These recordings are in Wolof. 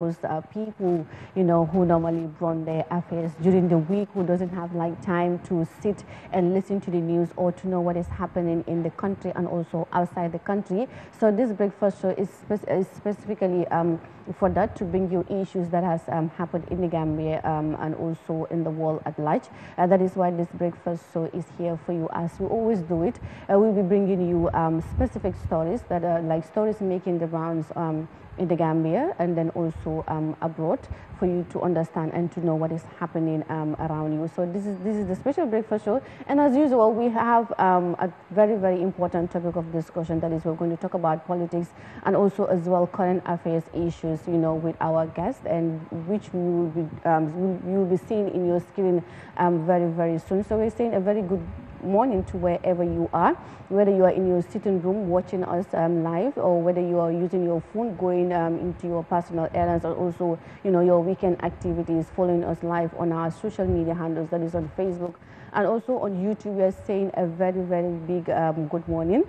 Uh, people you know who normally run their affairs during the week who doesn't have like time to sit and listen to the news or to know what is happening in the country and also outside the country so this breakfast show is, spe is specifically um, for that to bring you issues that has um, happened in the Gambia um, and also in the world at large uh, that is why this breakfast show is here for you as we always do it uh, we'll be bringing you um, specific stories that are like stories making the rounds um, in the Gambia and then also um, abroad for you to understand and to know what is happening um, around you. So this is this is the special breakfast show, and as usual, we have um, a very very important topic of discussion. That is, we're going to talk about politics and also as well current affairs issues. You know, with our guest, and which we will be you um, will be seeing in your screen um, very very soon. So we're seeing a very good morning to wherever you are, whether you are in your sitting room watching us um, live or whether you are using your phone going um, into your personal errands or also, you know, your weekend activities, following us live on our social media handles, that is on Facebook and also on YouTube. We are saying a very, very big um, good morning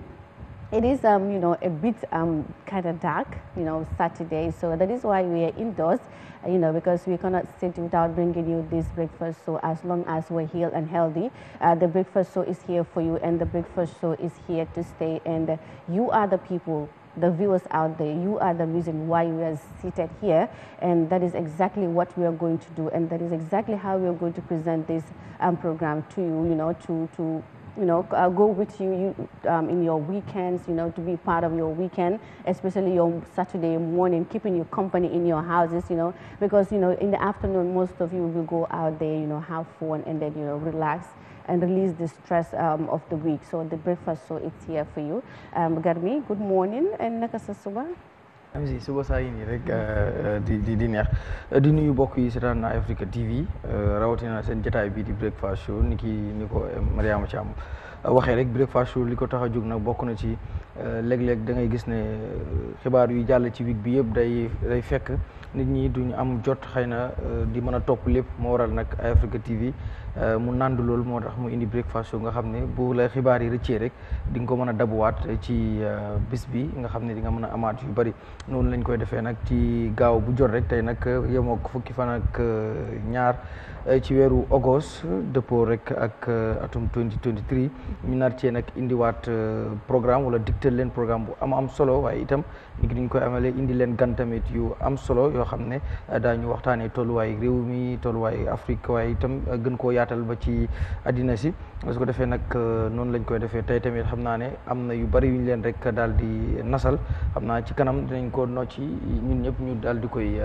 it is um, you know a bit um, kind of dark you know saturday so that is why we are indoors you know, because we cannot sit without bringing you this breakfast show. As long as we're healed and healthy, uh, the breakfast show is here for you, and the breakfast show is here to stay. And you are the people the viewers out there, you are the reason why we are seated here, and that is exactly what we are going to do, and that is exactly how we are going to present this um, program to you, you know, to, to you know, uh, go with you, you um, in your weekends, you know, to be part of your weekend, especially your Saturday morning, keeping you company in your houses, you know, because, you know, in the afternoon, most of you will go out there, you know, have fun and then, you know, relax and release the stress um, of the week. So the breakfast, so it's here for you. Um, Garmi, good morning and nakasasuba. am suba saa yi nii rek eh, eh, di di di neex eh, di nuyu mbokk yi seetaan na Africa TV rawatina seen jotaay bii di breakfast show ni ki ni ko Mariama Thiam waxee rek breakfast show li ko tax a jóg nag bokk na ci léeg-léeg dangay gis ne xibaar yu jàll ci week bi yëpp day day fekk nit ñi duñu am jot xëy na di mën a topp lépp moo waral nag Africa TV. Euh, mu nànd loolu moo tax mu indi breakfast show nga xam ne bu la xibaar yi rëccee rek di nga ko mën a dabuwaat ci euh, bis bi nga xam ne di nga mën a amaat yu bari noonu lañ koy defee nag ci gaaw bu jot rek tey nag yemoo fukki fan ak euh, ñaar Eh, ci weeru ogos dëppoo rek ak eh, atum 2023 ñu nar cee nag indiwaat eh, programme wala dictal leen programme bu am am solo waaye itam ni ki ñu koy amalee indi leen gan tamit yu am solo yoo xam ne daañu waxtaanee tolluwaay réew mi tolluwaay Afrique waaye itam gën koo yaatal ba ci addina si su ko defee nag noonu lañ koy defee tey tamit xam naa ne am na yu bari yuñ leen rek daal di nasal xam naa ci kanam dinañ ko ci ñun ñëpp ñu daal di koy.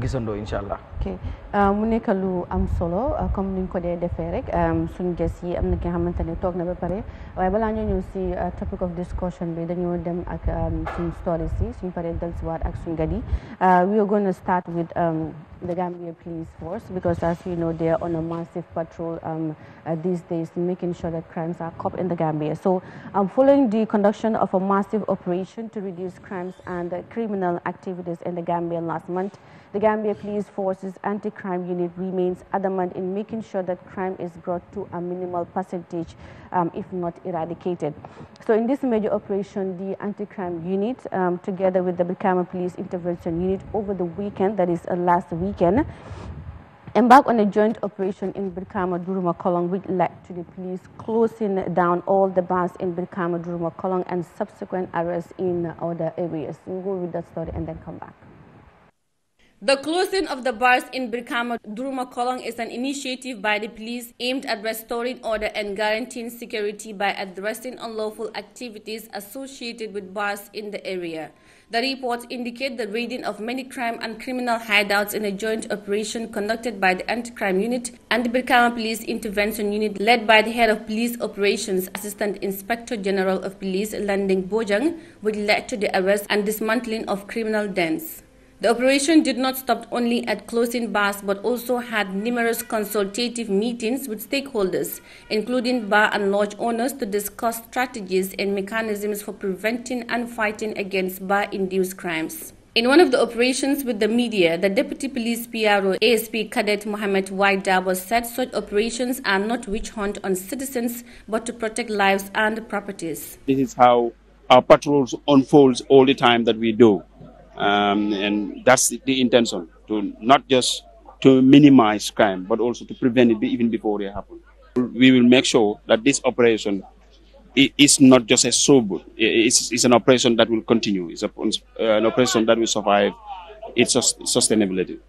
gisandoo incha ok euh, mu nekk lu am solo euh, comme ni ñu ko dee defee rek euh, suñu ges yi am ki nga xamante na ba pare waaye balaa ñoo ñëw si topic of discussion bi dañoo dem ak suñu stories yi suñu paree dellusiwaat ak suñu gadi we are going to start with. Um, the Gambia Police Force because as you know they are on a massive patrol um, uh, these days making sure that crimes are caught in the Gambia. So um, following the conduction of a massive operation to reduce crimes and uh, criminal activities in the Gambia last month, the Gambia Police Force's anti-crime unit remains adamant in making sure that crime is brought to a minimal percentage, um, if not eradicated. So in this major operation, the anti-crime unit, um, together with the Brikama Police Intervention Unit over the weekend, that is uh, last weekend, embarked on a joint operation in Brikama Duruma Kolong, which led to the police closing down all the bars in Brikama Duruma Kolong and subsequent arrests in other areas. We'll go read that story and then come back. The closing of the bars in Birkama Durumakolong is an initiative by the police aimed at restoring order and guaranteeing security by addressing unlawful activities associated with bars in the area. The reports indicate the raiding of many crime and criminal hideouts in a joint operation conducted by the Anti-Crime Unit and the Birkama Police Intervention Unit led by the Head of Police Operations Assistant Inspector General of Police Landing Bojang, which led to the arrest and dismantling of criminal dens. The operation did not stop only at closing bars but also had numerous consultative meetings with stakeholders, including bar and lodge owners, to discuss strategies and mechanisms for preventing and fighting against bar induced crimes. In one of the operations with the media, the Deputy Police PRO ASP Cadet Mohammed was said such operations are not witch hunt on citizens but to protect lives and properties. This is how our patrols unfolds all the time that we do. Um, and that's the intention to not just to minimize crime, but also to prevent it even before it happens. We will make sure that this operation is not just a sub, it's, it's, an operation that will continue, it's a, an operation that will survive its sustainability.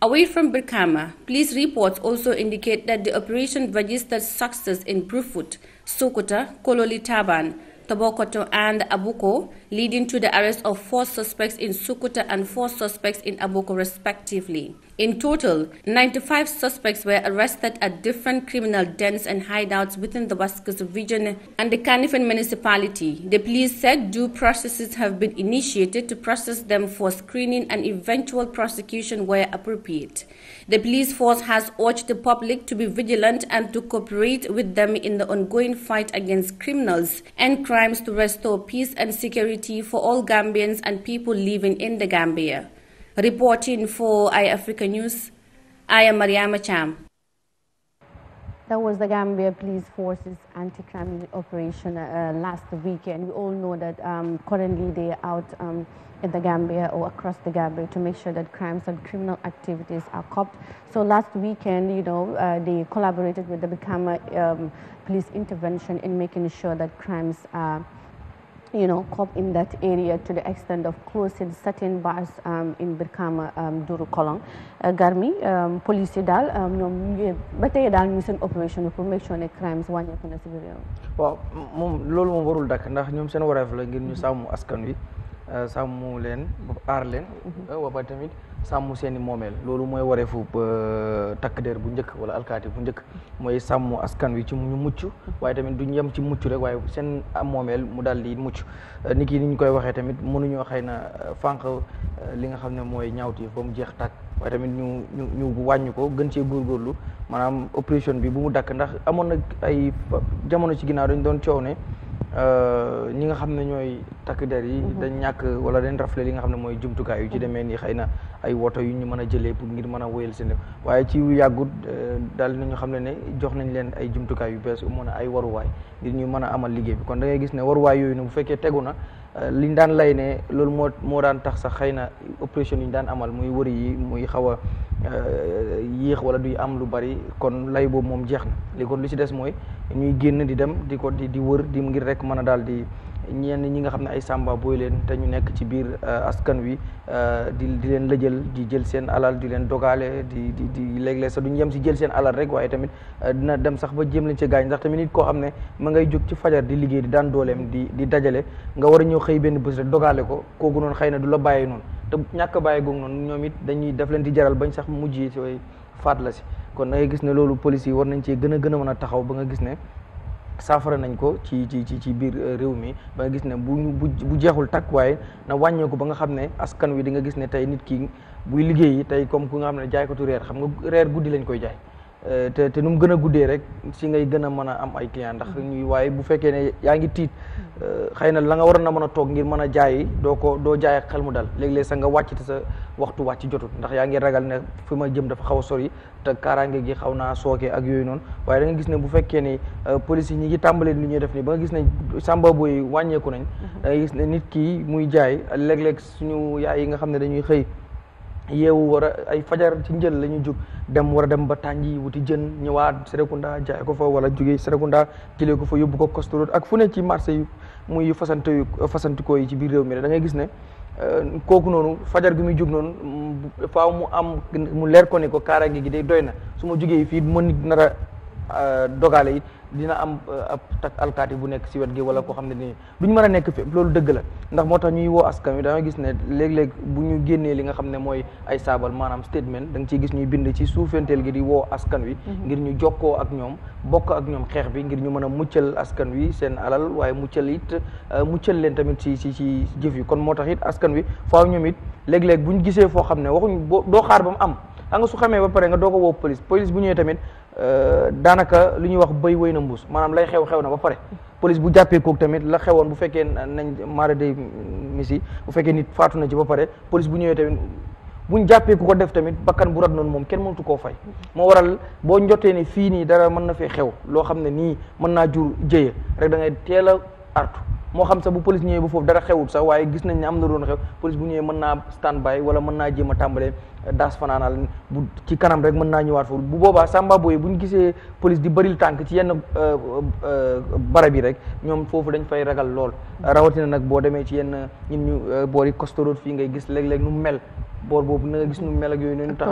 Away from Burkama, police reports also indicate that the operation registered success in Brufut, Sokoto, Kololi Taban, Tobokoto, and Abuko, leading to the arrest of four suspects in Sukuta and four suspects in Aboko, respectively. In total, 95 suspects were arrested at different criminal dens and hideouts within the Vasquez region and the Kanifan municipality. The police said due processes have been initiated to process them for screening and eventual prosecution where appropriate. The police force has urged the public to be vigilant and to cooperate with them in the ongoing fight against criminals and crimes to restore peace and security opportunity for all Gambians and people living in the Gambia. Reporting for iAfrica News, I am Mariama Cham. That was the Gambia Police Force's anti-crime operation uh, last weekend. We all know that um, currently they are out um, in the Gambia or across the Gambia to make sure that crimes and criminal activities are copped. So last weekend, you know, uh, they collaborated with the Bikama um, Police Intervention in making sure that crimes are you know, cope in that area to the extent of closing certain bars um, in Brikama um, Duru Kolong. Uh, Garmi, um, police daal um, ñoom ñu ba tey daal ñu seen opération bi pour make sure ne crimes wàññeeku na si biir réew. waaw moom loolu moom warul dakk ndax ñoom seen wareef la ngir ñu mm-hmm. sàmm askan wi euh, sàmm leen aar leen. Mm-hmm. Euh, waaw ba sàmm seen i moomeel loolu mooy wareefu euh, takk der bu njëkk wala alkaati bu njëkk mooy sàmm askan wi ci ñu mucc waaye tamit duñ yem ci mucc rek waaye seen a moomeel mu daal di mucc euh, ni ñu koy waxee tamit mënuñoo xëy na euh, fànq li nga xam ne mooy ñaawti ba mu jeex tàkk waaye tamit ñu ñu ñu wàññi ko gën cee góorlu maanaam opération bi bu mu dakk ndax amoon nag ay jamono ci ginnaaw dañ doon coow ne Euh, ñi nga xam ne ñooy takk der yi mhm. dañ ñàkk wala dañ rafle li nga xam ne mooy jumtukaay yu ci mhm. demee nii xëy na ay woto yu ñu mën a jëlee pour ngir mën a wéyal seen waaye ci yàggut euh, daal nañu xam ne ne jox nañ leen ay jumtukaay yu bees mën a ay waruwaay ngir ñu mën a amal liggéey bi kon da gis ne waruwaay yooyu ne bu fekkee tegu na Euh, li ñu daan lay ne loolu moo moo daan tax sax xëy na opération yi ñu daan amal muy wëri yi muy xaw a euh, yéex wala duy am lu bari kon lay boobu moom jeex na léegi kon lu ci des mooy ñuy génn di dem di ko di di wër di ngir rek mën a daal di. ñenn ñi nga xam ne ay sàmba booy leen te ñu nekk ci biir euh, askan wi euh, di di leen lëjël di jël seen alal di leen dogale di di di léeg-léeg sax duñu yem si jël seen alal rek waaye tamit euh, dina dem sax ba jéem leen ci gaañ ndax tamit nit koo xam ne ma ngay jóg ci fajar di liggéey di daan dooleem di di dajale nga war a ñëw xëy benn bés rek dogaale ko kooku noonu xëy na du la bàyyi noonu te ñàkk bàyyi googu noonu ñoom it dañuy daf leen di jaral bañ sax mujj yi si faat la si kon da gis ne loolu police yi war nañ cee gën gën a mën a taxaw ba nga gis ne saafara nañ ko ci ci ci ci biir euh, réew mi ba nga gis ne bu ñu bu jeexul takk waaye na wàññeeku ba nga xam ne askan wi di nga gis ne tey nit ki buy liggéeyi tey comme ku nga xam ne jaaykatu reer xam nga reer guddi koy jaay. Euh, te nu mu gën a guddee rek si ngay a mën a am ay client ndax mm-hmm. ñuy waaye bu fekkee ne yaa ngi tiit mm-hmm. euh, xëy na la nga waroon na mën a toog ngir mën a jaayi doo ko doo jaay xel mu dal léeg-léeg sa nga wàcc te sa waxtu wàcc jotul ndax yaa ngi ragal ne fu ma jëm dafa xaw a sori te kaaraange gi xaw naa sooke ak yooyu noonu waaye da gis ne bu fekkee ni euh, police yi ñi ngi tàmbalee nu ñuy def nii ba nga gis ne sàmba wàññeeku nañ mm-hmm. da gis ne nit ki muy jaay léeg-léeg suñu yaay yi nga xam ne dañuy xëy yeewu war a ay fajar ci njël la ñuy jóg dem war a dem ba tànji wuti jën ñëwaat Serekunda jaay ko fa wala jóge Serekunda jëlee ko fa yóbbu ko Coste ak fu ne ci marché yu muy fasanteyu fasantikoo yi ci biir réew mi da ngay gis ne Euh, kooku noonu fajar gi muy jóg noonu faw mu am mu leer ko ne ko kaaraange gi day doy na su ma jógee fii ma nit nar a euh, dogaale it dina am euh, ab tak alkaati bu nekk si wet gi wala koo xam ne nii ñu mën a nekk fépp loolu dëgg la ndax moo tax ñuy woo askan wi dangay gis ne léeg-léeg bu ñu génnee li nga xam ne mooy ay saabal maanaam statement da nga ciy gis ñuy bind ci suufenteel gi di woo askan wi mm-hmm. ngir ñu jokkoo ak ñoom bokk ak ñoom xeex bi ngir ñu mën a muccal askan wi seen alal waaye muccal it euh, muccal leen tamit si si si jëf yi kon moo tax it askan wi faaw ñoom it léeg-léeg buñ gisee foo xam ne waxuñ doo xaar ba mu am xam nga su xamee ba pare nga doo ko woo police police bu ñëwee tamit Euh, daanaka lu ñuy wax béy wéy na mbuus maanaam lay xew xew na ba pare police bu jàppee kook tamit la xewoon bu fekkee nañ maara day bu fekkee nit faatu na ci ba pare police bu ñëwee tamit buñ jàppee ku ko def tamit bakkan bu rat noonu moom kenn mënatu koo fay moo waral boo njotee ni fii nii dara mën na fee xew loo xam ne nii mën naa jur jéye rek da ngay teel a artu moo xam sax bu police ñëwee ba foofu dara xewut sax waaye gis nañ ne am na doon xew police bu ñëwee mën naa stand by wala mën naa jéem a tàmbalee daas fanaanal bu ci kanam rek mën naa ñëwaat bu boobaa samba booy bu ñu gisee police di bëril tànk ci yenn euh, barab yi rek ñoom foofu dañ fay ragal lool rawatina nag boo demee ci yenn ñun ñu euh, boor yi costoroot fii ngay gis léeg-léeg nu mel boor boobu na gis mu mel ak yooyu noonu tax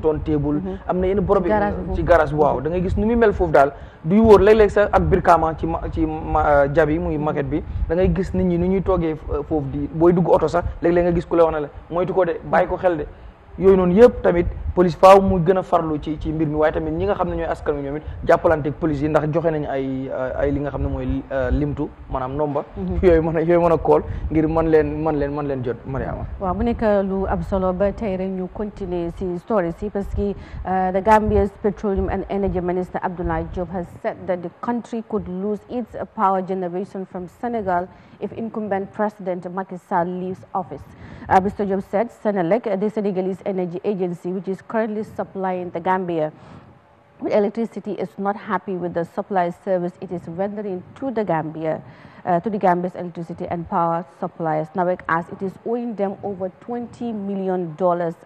toon téebul mhm. am na yenn borob ci garage waaw da ngay gis nu muy mel foofu daal duy wóor léeg-léeg sax ak birkaama ci ci euh, jabi muy maquette bi dangay gis nit ñi nu ñuy toogee foofu di booy dugg oto sax léeg-léeg nga gis ku la wax na la moytu ko de bàyyi ko xel de yooyu noonu yëpp tamit police faaw mu gën a farlu ci ci mbir mi waaye tamit ñi nga xam ne ñooy askan mi ñoom it jàppalante ak police yi ndax joxe nañu ay ay li nga xam ne mooy euh, limtu manaam nomba mhm. yooyu mën a yooyu mën kool ngir mën leen mën leen mën leen jot Mariama waaw mu nekk lu am solo ba tey rek ñu continuer si story si parce que euh, the Gambia's petroleum and energy minister Abdoulaye Diop has said that the country could lose its power generation from Senegal if incumbent President Macky Sall leaves office. Uh, Mr. Job said Senelec, the Senegalese energy agency, which is currently supplying the Gambia with electricity, is not happy with the supply service it is rendering to the Gambia uh, to the Gambia's electricity and power suppliers, NAWEC, as it is owing them over $20 million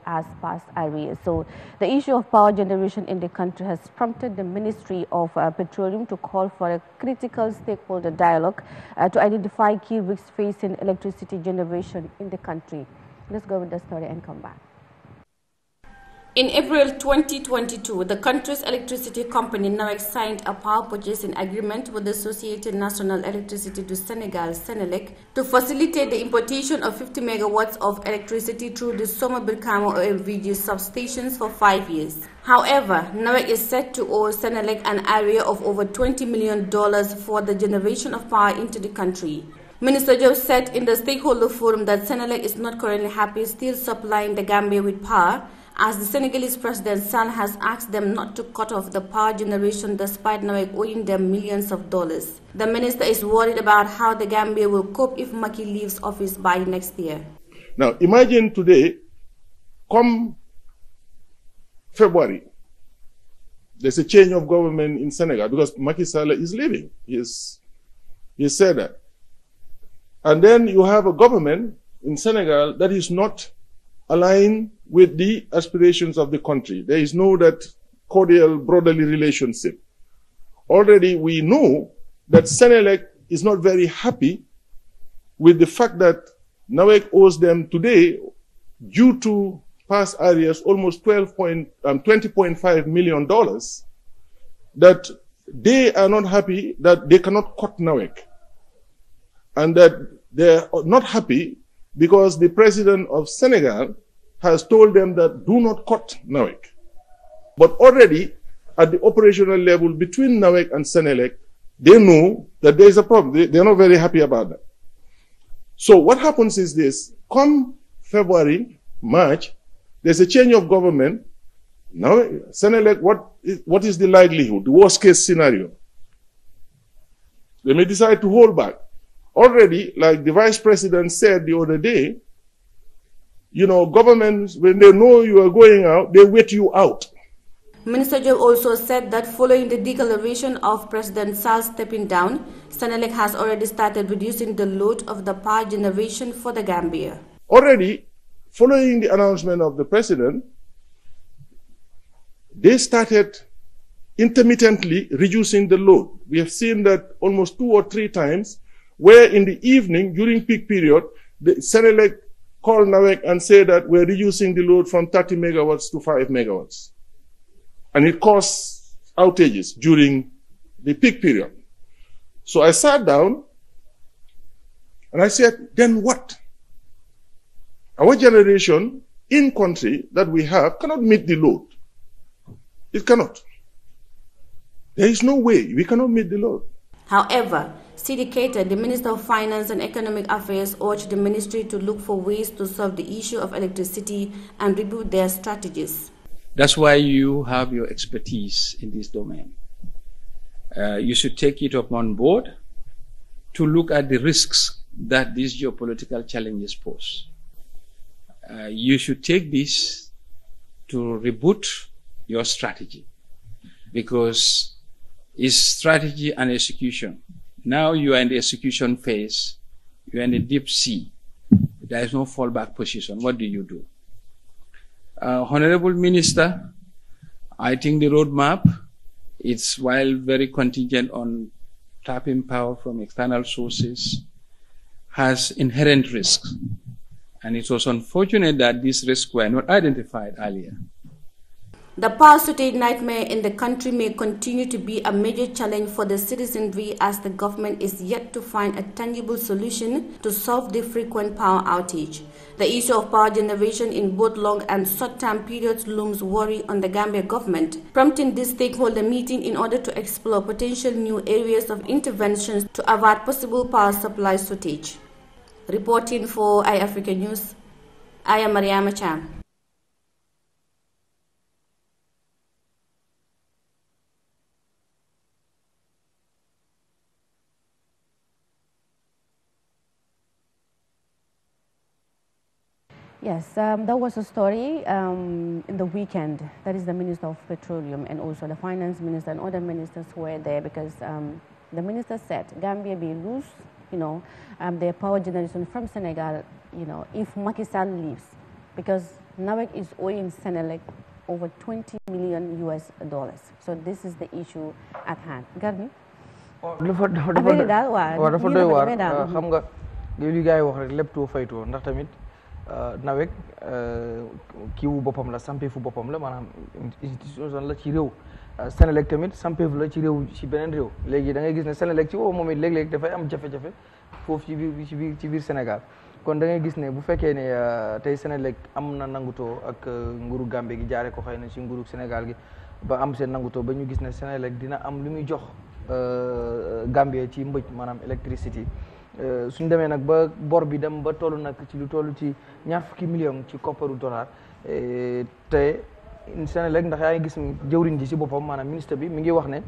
as past arrears. So the issue of power generation in the country has prompted the Ministry of uh, Petroleum to call for a critical stakeholder dialogue uh, to identify key risks facing electricity generation in the country. Let's go with the story and come back. In April 2022, the country's electricity company NAREC signed a power purchasing agreement with the Associated National Electricity to Senegal, Senelec, to facilitate the importation of 50 megawatts of electricity through the Soma Bilkamo OMVG substations for five years. However, NAREC is set to owe Senelec an area of over $20 million for the generation of power into the country. Minister Job said in the stakeholder forum that Senelec is not currently happy still supplying the Gambia with power as the Senegalese president's son has asked them not to cut off the power generation despite Narek owing them millions of dollars. The minister is worried about how the Gambia will cope if Maki leaves office by next year. Now, imagine today, come February, there's a change of government in Senegal because Macky Sall is leaving. He's, he said that. And then you have a government in Senegal that is not aligned with the aspirations of the country. There is no that cordial brotherly relationship. Already we know that Senelec is not very happy with the fact that NAWEC owes them today due to past areas almost 12 point, um, $20.5 million that they are not happy that they cannot cut NAWEC and that they're not happy because the president of Senegal has told them that do not cut NAWEC. But already at the operational level between NAWEC and Senelec, they know that there is a problem. They, they're not very happy about that. So what happens is this, come February, March, there's a change of government. Now, Senelec, what is, what is the likelihood, the worst case scenario? They may decide to hold back. Already, like the vice president said the other day, you know, governments, when they know you are going out, they wait you out. Minister Job also said that following the declaration of President Sal stepping down, Senelec has already started reducing the load of the power generation for the Gambia. Already, following the announcement of the president, they started intermittently reducing the load. We have seen that almost two or three times, where in the evening during peak period, the Senelec call NAWEC and say that we're reducing the load from 30 megawatts to 5 megawatts. And it caused outages during the peak period. So I sat down and I said, then what? Our generation in country that we have cannot meet the load. It cannot. There is no way we cannot meet the load. However, Syndicated, the Minister of Finance and Economic Affairs urged the ministry to look for ways to solve the issue of electricity and reboot their strategies. That's why you have your expertise in this domain. Uh, you should take it upon board to look at the risks that these geopolitical challenges pose. Uh, you should take this to reboot your strategy because it's strategy and execution now you are in the execution phase. You are in the deep sea. There is no fallback position. What do you do? Uh, Honorable Minister, I think the roadmap it's while very contingent on tapping power from external sources has inherent risks. And it was unfortunate that these risks were not identified earlier. The power shortage nightmare in the country may continue to be a major challenge for the citizenry as the government is yet to find a tangible solution to solve the frequent power outage. The issue of power generation in both long and short term periods looms worry on the Gambia government, prompting this stakeholder meeting in order to explore potential new areas of interventions to avoid possible power supply shortage. Reporting for iAfrica News, I am Mariama Cham. Yes, um, there was a story um, in the weekend. That is the Minister of Petroleum and also the Finance Minister and other ministers were there because um, the minister said Gambia will lose, you know, um, their power generation from Senegal, you know, if Macky Sall leaves, because NAWEC is owing Senegal over 20 million US dollars. So this is the issue at hand. Garden? What dafa dafa daal waaw dafa doy waar xam nga li gars yi wax rek lépp tuur faytoo nawek kiiwu boppam la sampee fu boppam la maanaam institution la ci réew Senelec tamit sampeef la ci réew ci beneen réew léegi dangay gis ne Senelec ci woo moom it léeg-léeg dafay am jafe-jafe foofu ci biir ci biir ci biir Sénégal kon da ngay gis ne bu fekkee ne tey Senelec am na nangutoo ak nguru Gambie gi jaare ko xëy na ci nguru Sénégal gi ba am seen nangutoo ba ñu gis ne Senelec dina am lu muy jox Gambie ci mbëj maanaam électricité Euh, suñ demee nag ba bor bi dem ba toll nag ci lu toll ci ñaar fukki million ci kopparu dollar euh, te Senelec ndax yaa ngi gis jëwriñ ji si boppam maanaam ministre bi mi ngi wax ne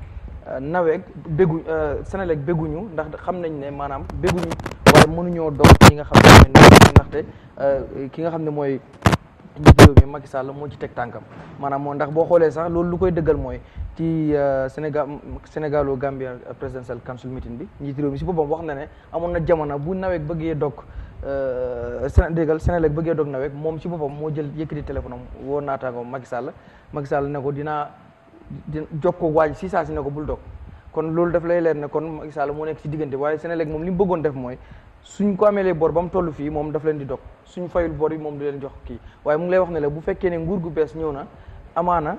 naweek euh, naweeg bégu Senelec béguñu ndax xam nañ ne maanaam béguñu waaye mënuñoo doog ñi nga xam ne ndaxte ki nga xam ne mooy njiitu réew mi moo ci teg tànkam maanaam moo ndax boo xoolee sax loolu lu koy dëggal mooy ci euh, Sénégal Sénégalo Gambia euh, presidential council meeting bi njiitu réew mi si boppam wax na ne amoon na jamono bu naweek bëggee dog euh, Sénégal Sénélec bëggee dog naweek moom si boppam moo jël yëkkati téléphone am woo naataango Macky Sall Macky Sall ne ko dinaa di jokkoo waaj si saa si ne ko bul dog kon loolu daf lay leer ne kon Macky Sall moo nekk si diggante waaye Sénélec moom li mu bëggoon def mooy suñ ko ameelee bor ba mu toll fii moom daf leen di dog suñ fayul bor yi moom du leen jox kii waaye mu lay wax ne la bu fekkee ne nguur gu bees ñëw na amaana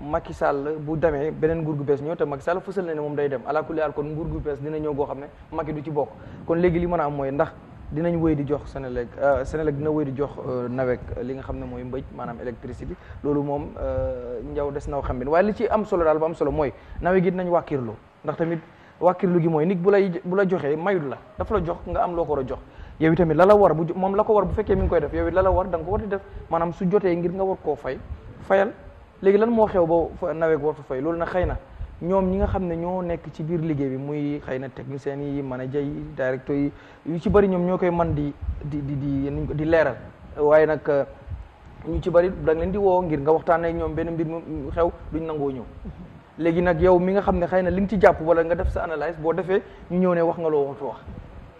Macky Sall bu demee beneen nguur gu bees ñëw te Macky Sall fësal na ne moom day dem ala kulli aal kon nguur gu bees dina ñëw goo xam ne Macky du ci bokk kon léegi li mën a am mooy ndax dinañ wéy di jox Senelec euh, Senelec dina wéy di jox euh, nawek li nga xam ne mooy mbëj maanaam électricité loolu moom euh, njaw des naw xam bin waaye li ci am solo daal ba am solo mooy nawe gi dinañ wàkkirlu ndax tamit wàkkirlu gi mooy nit bu lay bu la joxee mayul la dafa la jox nga am loo ko war a jox yow itamit la la war bu moom la ko war bu fekkee mi ngi koy def yow it war da ko war di def maanaam su jotee ngir nga war koo fay fayal léegi lan moo xew ba naweeg wartu fay loolu nag xëy na ñoom ñi nga xam ne ñoo nekk ci biir liggéey bi muy xëy na techniciens yi manager yi directeur yi yu ci bari ñoom ñoo koy man di di di di di leeral waaye nag uh, ñu ci bari da leen di woo ngir nga waxtaanee ñoom benn mbir mu xew duñ nangoo ñëw léegi nag yow mi nga xam ne xëy na li nga ci jàpp wala nga def sa analyse boo defee ñu ñëw ne wax nga loo waxtu wax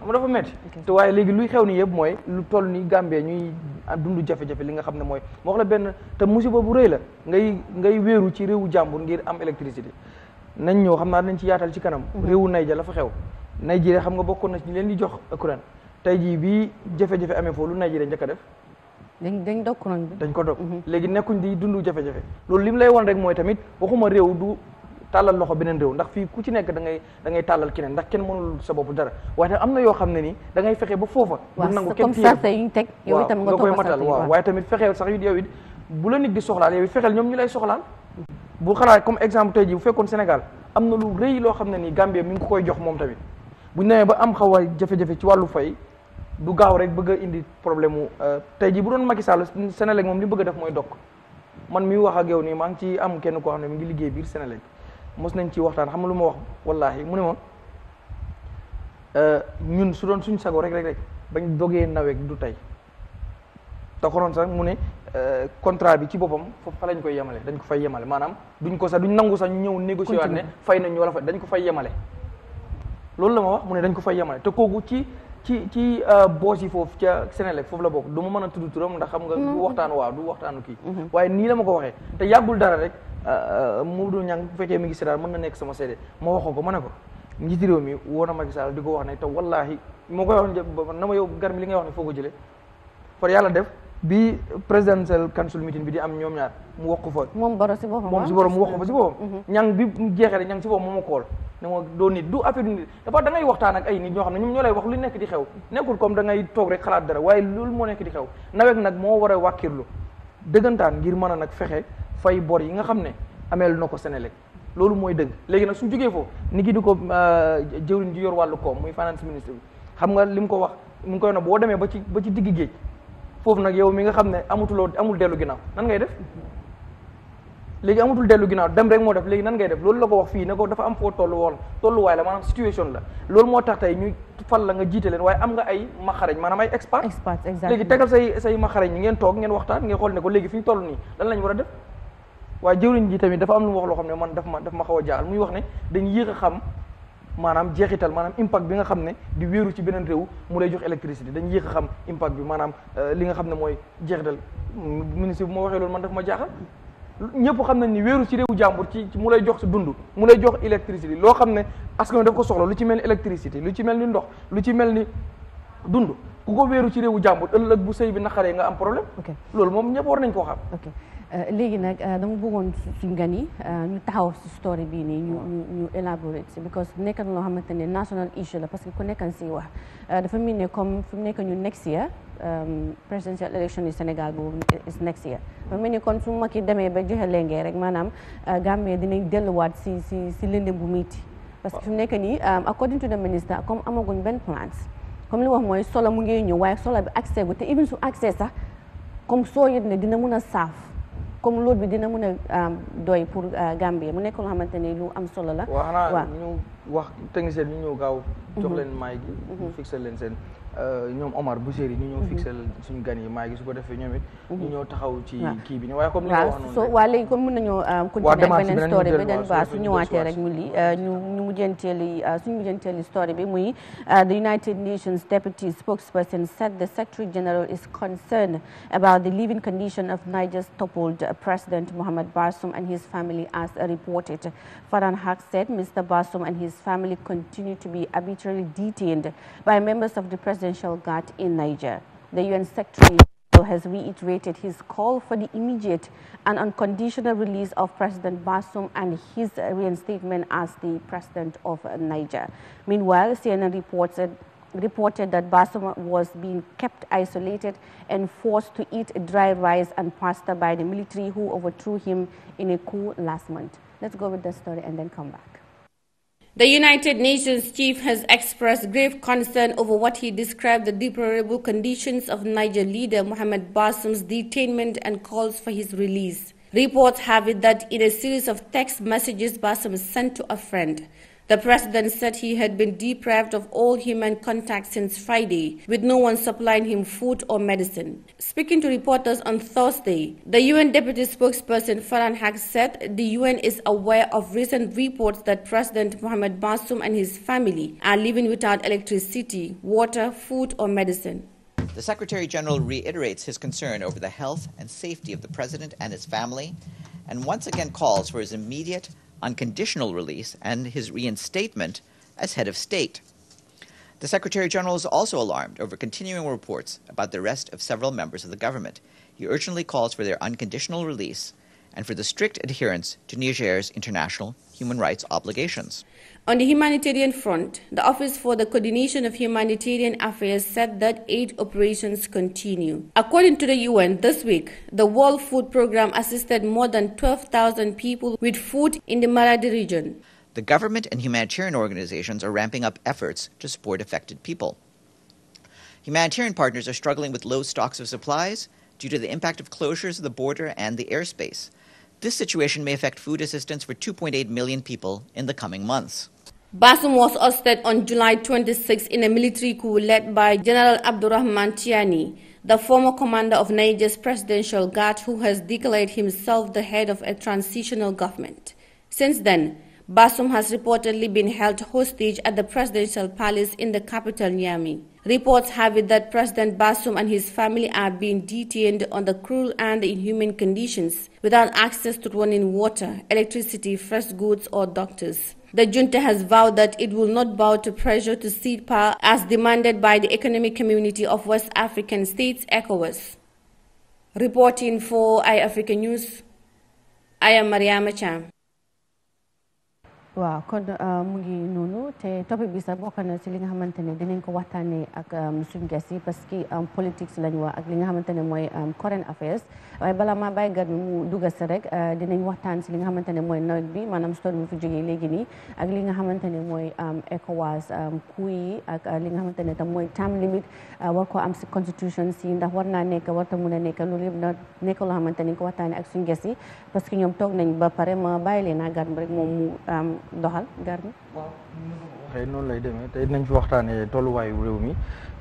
mu dafa métti te waaye léegi luy xew ni yëpp mooy lu toll ni Gambie ñuy dund jafe-jafe li nga xam ne mooy moo wax la benn te musiba bu rëy la ngay ngay wéeru ci réewu jàmbur ngir am électricité nañ ñëw xam naa nañ ci yaatal ci kanam mhm. réewu Naija la fa xew Nigeria xam nga bokkoon na ci ñu leen di jox courant tey jii bii jafe-jafe amee foofu lu Nigeria njëkk a def dañ dañ dog bi dañ ko dog mhm. léegi nekkuñ di dund jafe-jafe loolu li mu lay won rek mooy tamit waxuma réew du tàllal loxo beneen réew ndax fii ku ci nekk da ngay da ngay tàllal keneen ndax kenn mënul sa bopp dara waaye nag am na yoo xam ne nii da ngay fexe ba foofa bu nangu kenn teg yow itam nga koy matal waaw waaye tamit fexeel sax yu yow it bu la nit di soxlaal yow it fexeel ñu lay soxlaal bu xalaat comme exemple tey jii bu fekkoon Sénégal am na lu rëy loo xam ne nii Gambie mi ngi ko koy jox moom tamit bu ñu ba am xaw a jafe ci wàllu fay du gaaw rek bëgg indi problème mu euh, tey jii bu doon Macky Sall Sénélec moom li bëgg def mooy dokk man mi wax ak yow nii maa ngi ci am kenn koo xam mi ngi liggéey biir Sénélec mos nañ ci waxtaan xam nga lu ma wax wallaahi mu ne ma euh, ñun su doon suñ sago rek rek rek bañ dogee nawet du tey te konoon sax mu ne euh, contrat bi ci boppam foofu lañ koy yemale dañ ko fay yemale maanaam duñ ko sax duñ nangu sax ñu ñëw négocier waat ne fay nañ wala dañ ko fay yemale loolu la ma wax mu ne dañ ko fay yemale te kooku ci ci ci euh, boos yi foofu ca Sénélec foofu la bokk du ma mën a tudd turam ndax xam nga mhm. du waxtaan waaw du waxtaanu kii mhm. waaye nii la ma ko waxee te yàggul dara rek Euh, euh, Modou Niang bu fekkee mi ngi seetaan mën na nekk sama seede ma waxoon ko ma ne ko njiiti réew mi woo na Macky Sall di ko wax ne te wallaahi moo koy wax ne na ma yow gar mi li ngay wax ne foo ko jëlee par yàlla def bi présidentiel council bi di am ñoom ñaar mu wax ko moom Baro si ah? mu wax ko fa si boppam. ñang mm-hmm. bi jeexee rek ñang si boppam moom ma kool doo nit du affaire nit dafa da waxtaan ak ay nit ñoo xam ne ñoom ñoo lay wax lu nekk di xew nekkul comme da ngay toog rek xalaat dara waaye loolu moo nekk di xew nawet nag moo war a wàkkirlu dëggantaan ngir man a nag fexe fay bor yi nga xam ne ameel na ko Senelec loolu mooy dëgg léegi nag su jógee foofu ni ki di ko euh, jëwriñ ji yor wàllu koom muy finance ministre bi xam nga li mu ko wax mu ngi koy boo demee ba ci ba ci digg géej foofu nag yow mi nga xam ne amutuloo amul dellu ginnaaw nan ngay def léegi amutul dellu ginnaaw dem rek moo def léegi nan ngay def loolu la ko wax fii ne ko dafa am foo tollu woon tolluwaay la maanaam situation la loolu moo tax tey ñu fal la nga jiite leen waaye am nga ay maxarañ maanaam ay expert léegi tegal say léegi fi ñu toll nii lan lañ war a waaye jëwriñ ji tamit dafa am lu mu loo xam ne man daf ma daf a jaaxal muy wax ne dañ yéex a xam maanaam jeexital maanaam impact bi nga xam ne di wéeru ci beneen réew mu lay jox électricité dañ yéex xam impact bi maanaam euh, li nga ne mooy jeexital ministre bu ma waxee loolu man daf ma jaaxal ñëpp xam nañ ni wéeru ci jàmbur ci mu lay jox sa dund mu lay jox électricité loo xam ne parce que daf ko soxla lu ci mel ni électricité lu ci mel ni ndox lu ci mel ni dund ku ko wéeru ci réewu jàmbur ëllëg bu sëy bi naqaree nga am problème loolu moom ñëpp war nañ koo xam Euh, léegi nag euh, dama bëggoon suñu gan yi ñu taxaw si story bii nii ñu ñu ñu élaborate si because nekk na loo xamante ne national issue la parce que ku nekkan si wax euh, dafa mel ne comme fi mu nekk ñu next year um, presidential election yi Sénégal boobu is next year dafa mel ni kon su ma ki demee ba joxe lenge rek maanaam Gambie dinañ delluwaat si si si lëndëm bu miiti parce que fi mu nekk nii um, according to the minister comme amaguñ benn plans comme li wax mooy solo mu ngi ñëw waaye solo bi accès gu te even su accès sax comme soo yëg ne dina mun a saaf comme loolu bi dina mën a euh, doy pour euh, Gambie mu nekk loo xamante ni lu am solo la. waaw ñu wax technicien bi ñu ñëw gaaw. jox mhm. leen maay gi. fixer leen seen. Euh, ñoom Omar Boucher ñu ñëw mhm. fixel suñu gan yi maa ngi su ko defee ñoom it ñu mhm. taxaw ci kii bi waaye comme léegi mën nañoo euh, continuer ak beneen story bi den waa su ñëwaatee rek mu lii euh, ñu ñu mujjanteeli suñu mujjanteeli story bi muy the United Nations deputy spokesperson said the secretary general is concerned about the living condition of Niger's toppled president Mohamed Bazoum and his family as reported Farhan Haq said Mr Bazoum and his family continue to be arbitrarily detained by members of the president presidential guard in Niger. The UN Secretary has reiterated his call for the immediate and unconditional release of President Basum and his reinstatement as the president of Niger. Meanwhile, CNN reported reported that Basum was being kept isolated and forced to eat dry rice and pasta by the military who overthrew him in a coup last month. Let's go with the story and then come back. The United Nations chief has expressed grave concern over what he described the deplorable conditions of Niger leader Mohamed Bassem's detainment and calls for his release. Reports have it that in a series of text messages Bassem sent to a friend, the president said he had been deprived of all human contact since Friday, with no one supplying him food or medicine. Speaking to reporters on Thursday, the UN deputy spokesperson Farhan Haq said the UN is aware of recent reports that President Mohamed Basum and his family are living without electricity, water, food, or medicine. The Secretary General reiterates his concern over the health and safety of the President and his family, and once again calls for his immediate on conditional release and his reinstatement as head of state. The Secretary General is also alarmed over continuing reports about the arrest of several members of the government. He urgently calls for their unconditional release and for the strict adherence to Niger's international human rights obligations. On the humanitarian front, the Office for the Coordination of Humanitarian Affairs said that aid operations continue. According to the UN, this week, the World Food Programme assisted more than 12,000 people with food in the Maladi region. The government and humanitarian organizations are ramping up efforts to support affected people. Humanitarian partners are struggling with low stocks of supplies due to the impact of closures of the border and the airspace. This situation may affect food assistance for 2.8 million people in the coming months. Bassem was ousted on July 26 in a military coup led by General Abdurrahman Tiani, the former commander of Niger's presidential guard who has declared himself the head of a transitional government. Since then, Bassem has reportedly been held hostage at the presidential palace in the capital Niamey. Reports have it that President Bassem and his family are being detained under cruel and inhuman conditions without access to running water, electricity, fresh goods or doctors. The junta has vowed that it will not bow to pressure to cede power as demanded by the Economic Community of West African States, ECOWAS. Reporting for iAfrica News, I am Mariama Cham. waaw kon euh, mu ngi noonu te topic bi sax bokk na ci li nga xamante ne dinañ ko waxtaanee ak euh, suñu guest yi parce que euh, politics lañ wax ak li nga xamante ne mooy current affairs waaye bala maa bàyyi gat bi mu dugg si rek dinañ waxtaan si li nga xamante ne mooy nawet bi maanaam story bu fi jógee léegi nii ak li nga xamante ne mooy ECOWAS coup ak li nga xamante ne tam mooy time limit war ko am si constitution si ndax war naa nekk warta mun a nekk loolu yëpp na nekk loo xamante ne ko waxtaanee ak suñu guest yi parce que ñoom toog nañ ba pare ma bàyyi lee naa gat rek moom doxal garmi waaw waxee noonu lay demee tey dinañ fi waxtaanee tolluwaayu réew mi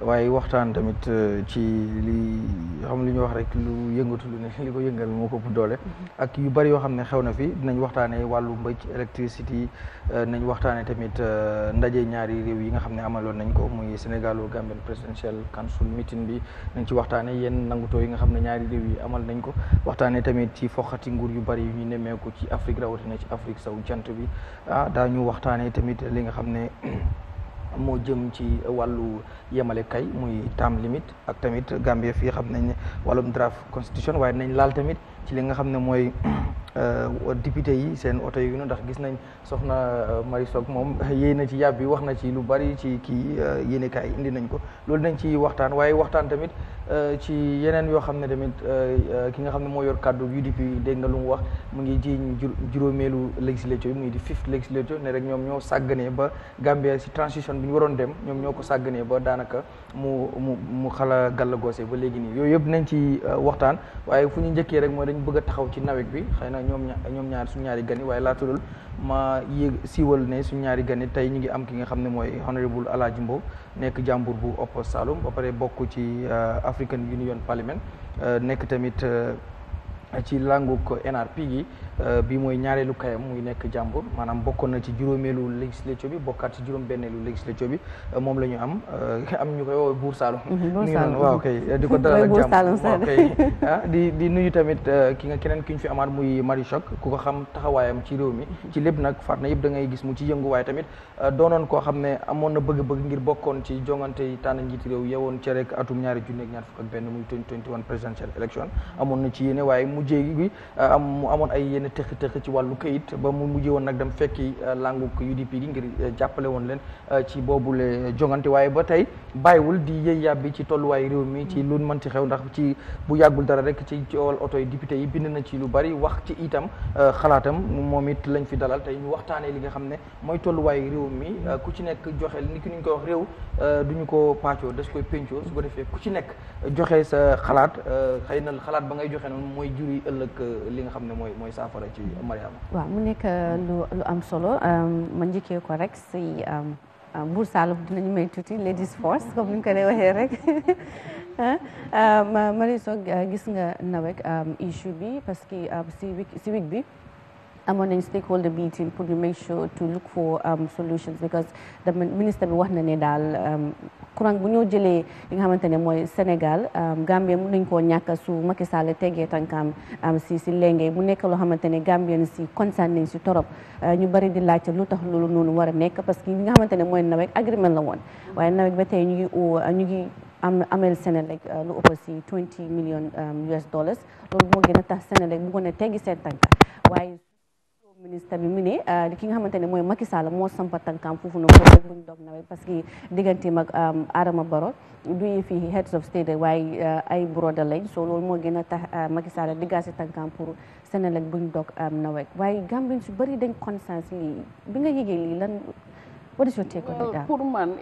waaye waxtaan tamit euh, ci li xam li ñu wax rek lu yëngatu lu ne li ko yëngal moo ko ëpp doole. Mm-hmm. ak yu bari yoo xam ne xew na fi nañ waxtaanee wàllu mbay ci électricité euh, nañ waxtaanee tamit euh, ndaje ñaari réew yi nga xam ne amaloon nañ ko muy Sénégal Gambian Presidential Council meeting bi nañ ci waxtaanee yenn nangutoo yi nga xam ne ñaari réew yi amal nañ ko waxtaanee tamit ci foqati nguur yu bari yu ñu nemmeeku ci Afrique rawatina ci Afrique saw jant bi ah daañu waxtaanee tamit li nga xam ne. moo jëm ci wàllu yemale kay muy term limit ak tamit Gambie fi xam nañ ne wàllum draft constitution waaye nañ laal tamit ci li nga xam ne mooy euh, député yi seen oto yu ndax gis nañ soxna euh, Marie Sock moom yéey na ci yàb bi wax na ci lu bari ci kii euh, yéene kaay indi nañ ko loolu nañ ci waxtaan waaye waxtaan tamit Euh, ci yeneen yoo xam ne tamit euh, euh, ki nga xam ne moo yor kàddu UDP dégg nga lu mu wax mu ngi jiiñ juróomeelu législature mu muy di fifth législature ne rek ñoom ñoo sàgganee ba Gambia si transition bi ñu waroon dem ñoom ñoo ko sàgganee ba daanaka mu mu mu xala gàllagoose ba léegi nii yooyu yëpp nañ ci euh, waxtaan waaye fu ñu njëkkee rek mooy dañu bëgg a taxaw ci nawet bi xëy na ñoom ña ñoom ñaar suñu ñaari gan waaye laata loolu ma yéeg siiwal ne suñu ñaari gan tey ñu ngi am ki nga xam ne mooy honorable Alhaji Mbow nekk jàmbur bu Opo Saloum ba pare bokk ci euh, African Union Parliament euh, nekk tamit ci languk NRP gi euh, bi mooy ñaareelu kayam muy nekk jàmbur maanaam bokkoon na ci juróomeelu législature bi bokkaat ci juróom-benneelu législature bi euh, moom la ñu am euh, am ñu koy woowee Buur Saalum. Mm-hmm, Buur Saalum waaw kay di ko dalal ah, di di nuyu tamit ki nga keneen ki ñu fi amaat muy Marichok ku ko xam taxawaayam ci réew mi mm-hmm. ci lépp nag far na yëpp da ngay gis mu ci yëngu waaye tamit doonoon koo xam ne amoon na bëgg-bëgg ngir bokkoon ci jongante yi tànn njiiti réew yewoon ci rek atum ñaari junni ak fukk ak benn muy 2021 presidential election mm-hmm. amoon mujjee gi euh, am mu amoon ay yenn tëq-tëq ci wàllu kayit ba mu mujjee woon nag dem fekki euh, languk UDP gi ngir euh, jàppale woon leen ci boobule jongante waaye ba tey bàyyiwul di yëy yàbbi ci tolluwaay réew mi ci lu mënti xew ndax ci bu yàggul dara rek ci coowal oto yi député yi bind na ci lu bari wax ci itam xalaatam moom it lañ fi dalal tey ñu waxtaanee li nga xam ne mooy tolluwaay réew mi ku ci nekk joxe ni ki ñu koy wax réew duñu ko paccoo des koy péncoo su ko defee ku ci nekk joxe sa xalaat xëy na xalaat ba ngay joxe luy ëllëg euh, li nga xam ne mooy mooy saafara ci Mariama waaw mu nekk euh, lu am solo euh, ma njëkkee ko rek si Buur Saalum dinañu may tuuti ladies force comme ni ñu ko dee waxee rek Mariso gis nga nawek issue bi parce que si week si week bi amoon nañ stakeholder meeting pour ñu make sure to look for um, solutions because the minister bi wax na ne um, courant bu ñoo jëlee li nga xamante ne mooy Sénégal euh, Gambie mun nañ koo ñàkk su Macky Sall tegee tànkaam euh, si si léngee mu nekk loo xamante ne Gambien si concerne si torop euh, ñu bari di laajte lu tax loolu noonu war a nekk parce que li nga xamante ne mooy nawet agreement la woon waaye nawet ba tey ñu ngi ñu ngi am amel Senelec lu ëpp si 20 million US dollars loolu moo gën a tax Senelec bu ko ne teggi seen tànk ministre bi mu ne euh, ki nga xamante ne mooy Macky Sall moo sampa tànkam foofu noonu pour rek luñ dog na parce que digganteem ak euh, Adama Barrow du ñu fi heads of state waaye euh, ay broda lañ so loolu moo gën a tax Macky Sall diggaasi tànkam pour Sénégal buñ dog nawet waaye Gambien su bëri dañ conscience lii bi nga yëgee lii lan what is your take on mm-hmm.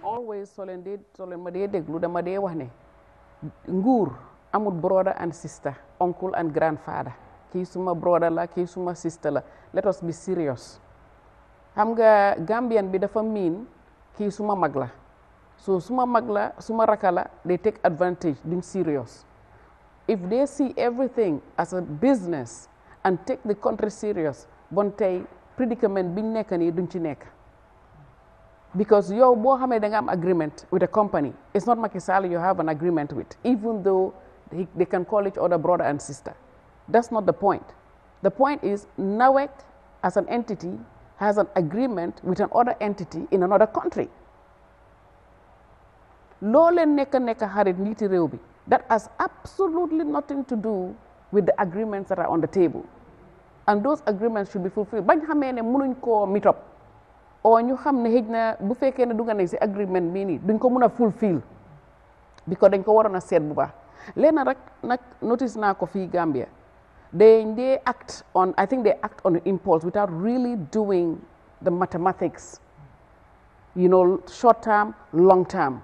um, soo leen dee soo leen dama dee wax ne nguur amul broda and sister uncle and grandfather Kisuma brother la Kisuma sister la let us be serious xam nga Gambian bi dafa miin kii so suma magla la suma they take advantage duñ serious if they see everything as a business and take the country serious bon predicament biñ nekk nii duñ ci nekk because yow boo xamee da nga am agreement with a company it's not Macky you have an agreement with even though they, they can call each other brother and sister That's not the point. The point is NAWEC as an entity has an agreement with another entity in another country. loo leen nekk nekk xarit njiiti réew bi that has absolutely nothing to do with the agreements that are on the table and those agreements should be fulfilled bañ xamee ne mënuñ koo meet oo ñu xam ne xëj na bu fekkee ne du nga ne si agreement bii nii duñ ko mun a fulfill because dañ ko waroon a seet bu ba léegi nag rek nag notice naa ko fii Gambia they, they act on, I think they act on impulse without really doing the mathematics, you know, short term, long term.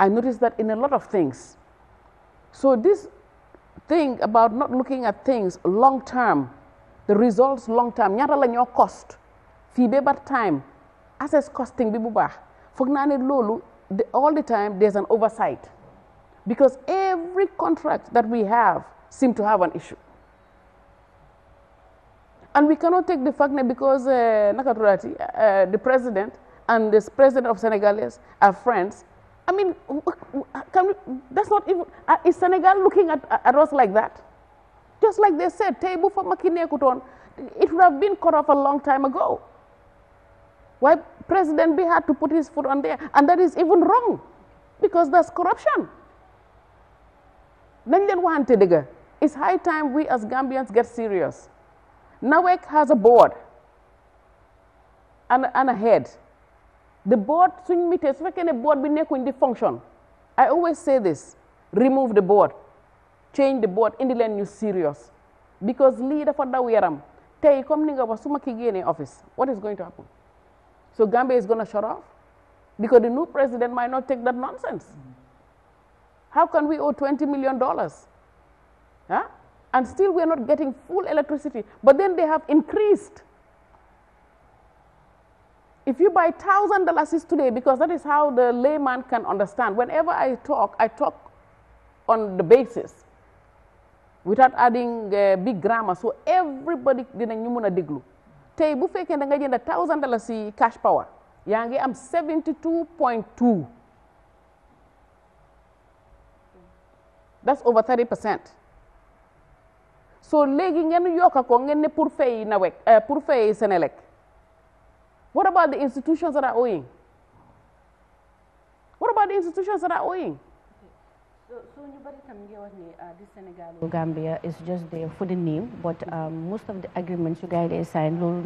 I noticed that in a lot of things. So, this thing about not looking at things long term, the results long term, Nyara la cost, fi ba ba time, assess costing bi bu baax foog all the time there's an oversight because every contract that we have seem to have an issue. And we cannot take the fact that because uh, Nakaturati, uh, uh, the president, and the president of Senegalese are friends. I mean, we, that's not even, uh, is Senegal looking at, uh, at us like that? Just like they said, table for Makine it would have been cut off a long time ago. Why President B had to put his foot on there? And that is even wrong, because that's corruption. It's high time we as Gambians get serious. NAWEC has a board and, and a head. The board suñ meetee su can ne board be in the function I always say this remove the board change the board the land you serious because leader for daw yaram tey comme ni nga wax su ma office what is going to happen so Gambia is going to shut off because the new president might not take that nonsense how can we owe 20 million dollars huh? and still we are not getting full electricity. But then they have increased. If you buy thousand dollars today, because that is how the layman can understand. Whenever I talk, I talk on the basis without adding uh, big grammar. So everybody dinañ ñu mën a déglu bu fekkee nga jënd thousand dollars cash power yaa am 72.2 that's over 30 percent so léegi ngeen yokk ko ngeen ne pour fay NAWEC euh, pour fay Senelec what about the institutions that are owing what about the institutions that are owing so this ah, Senegal Gambia is just there for the name, but mm-hmm. um, most of the agreements you guys sign, no,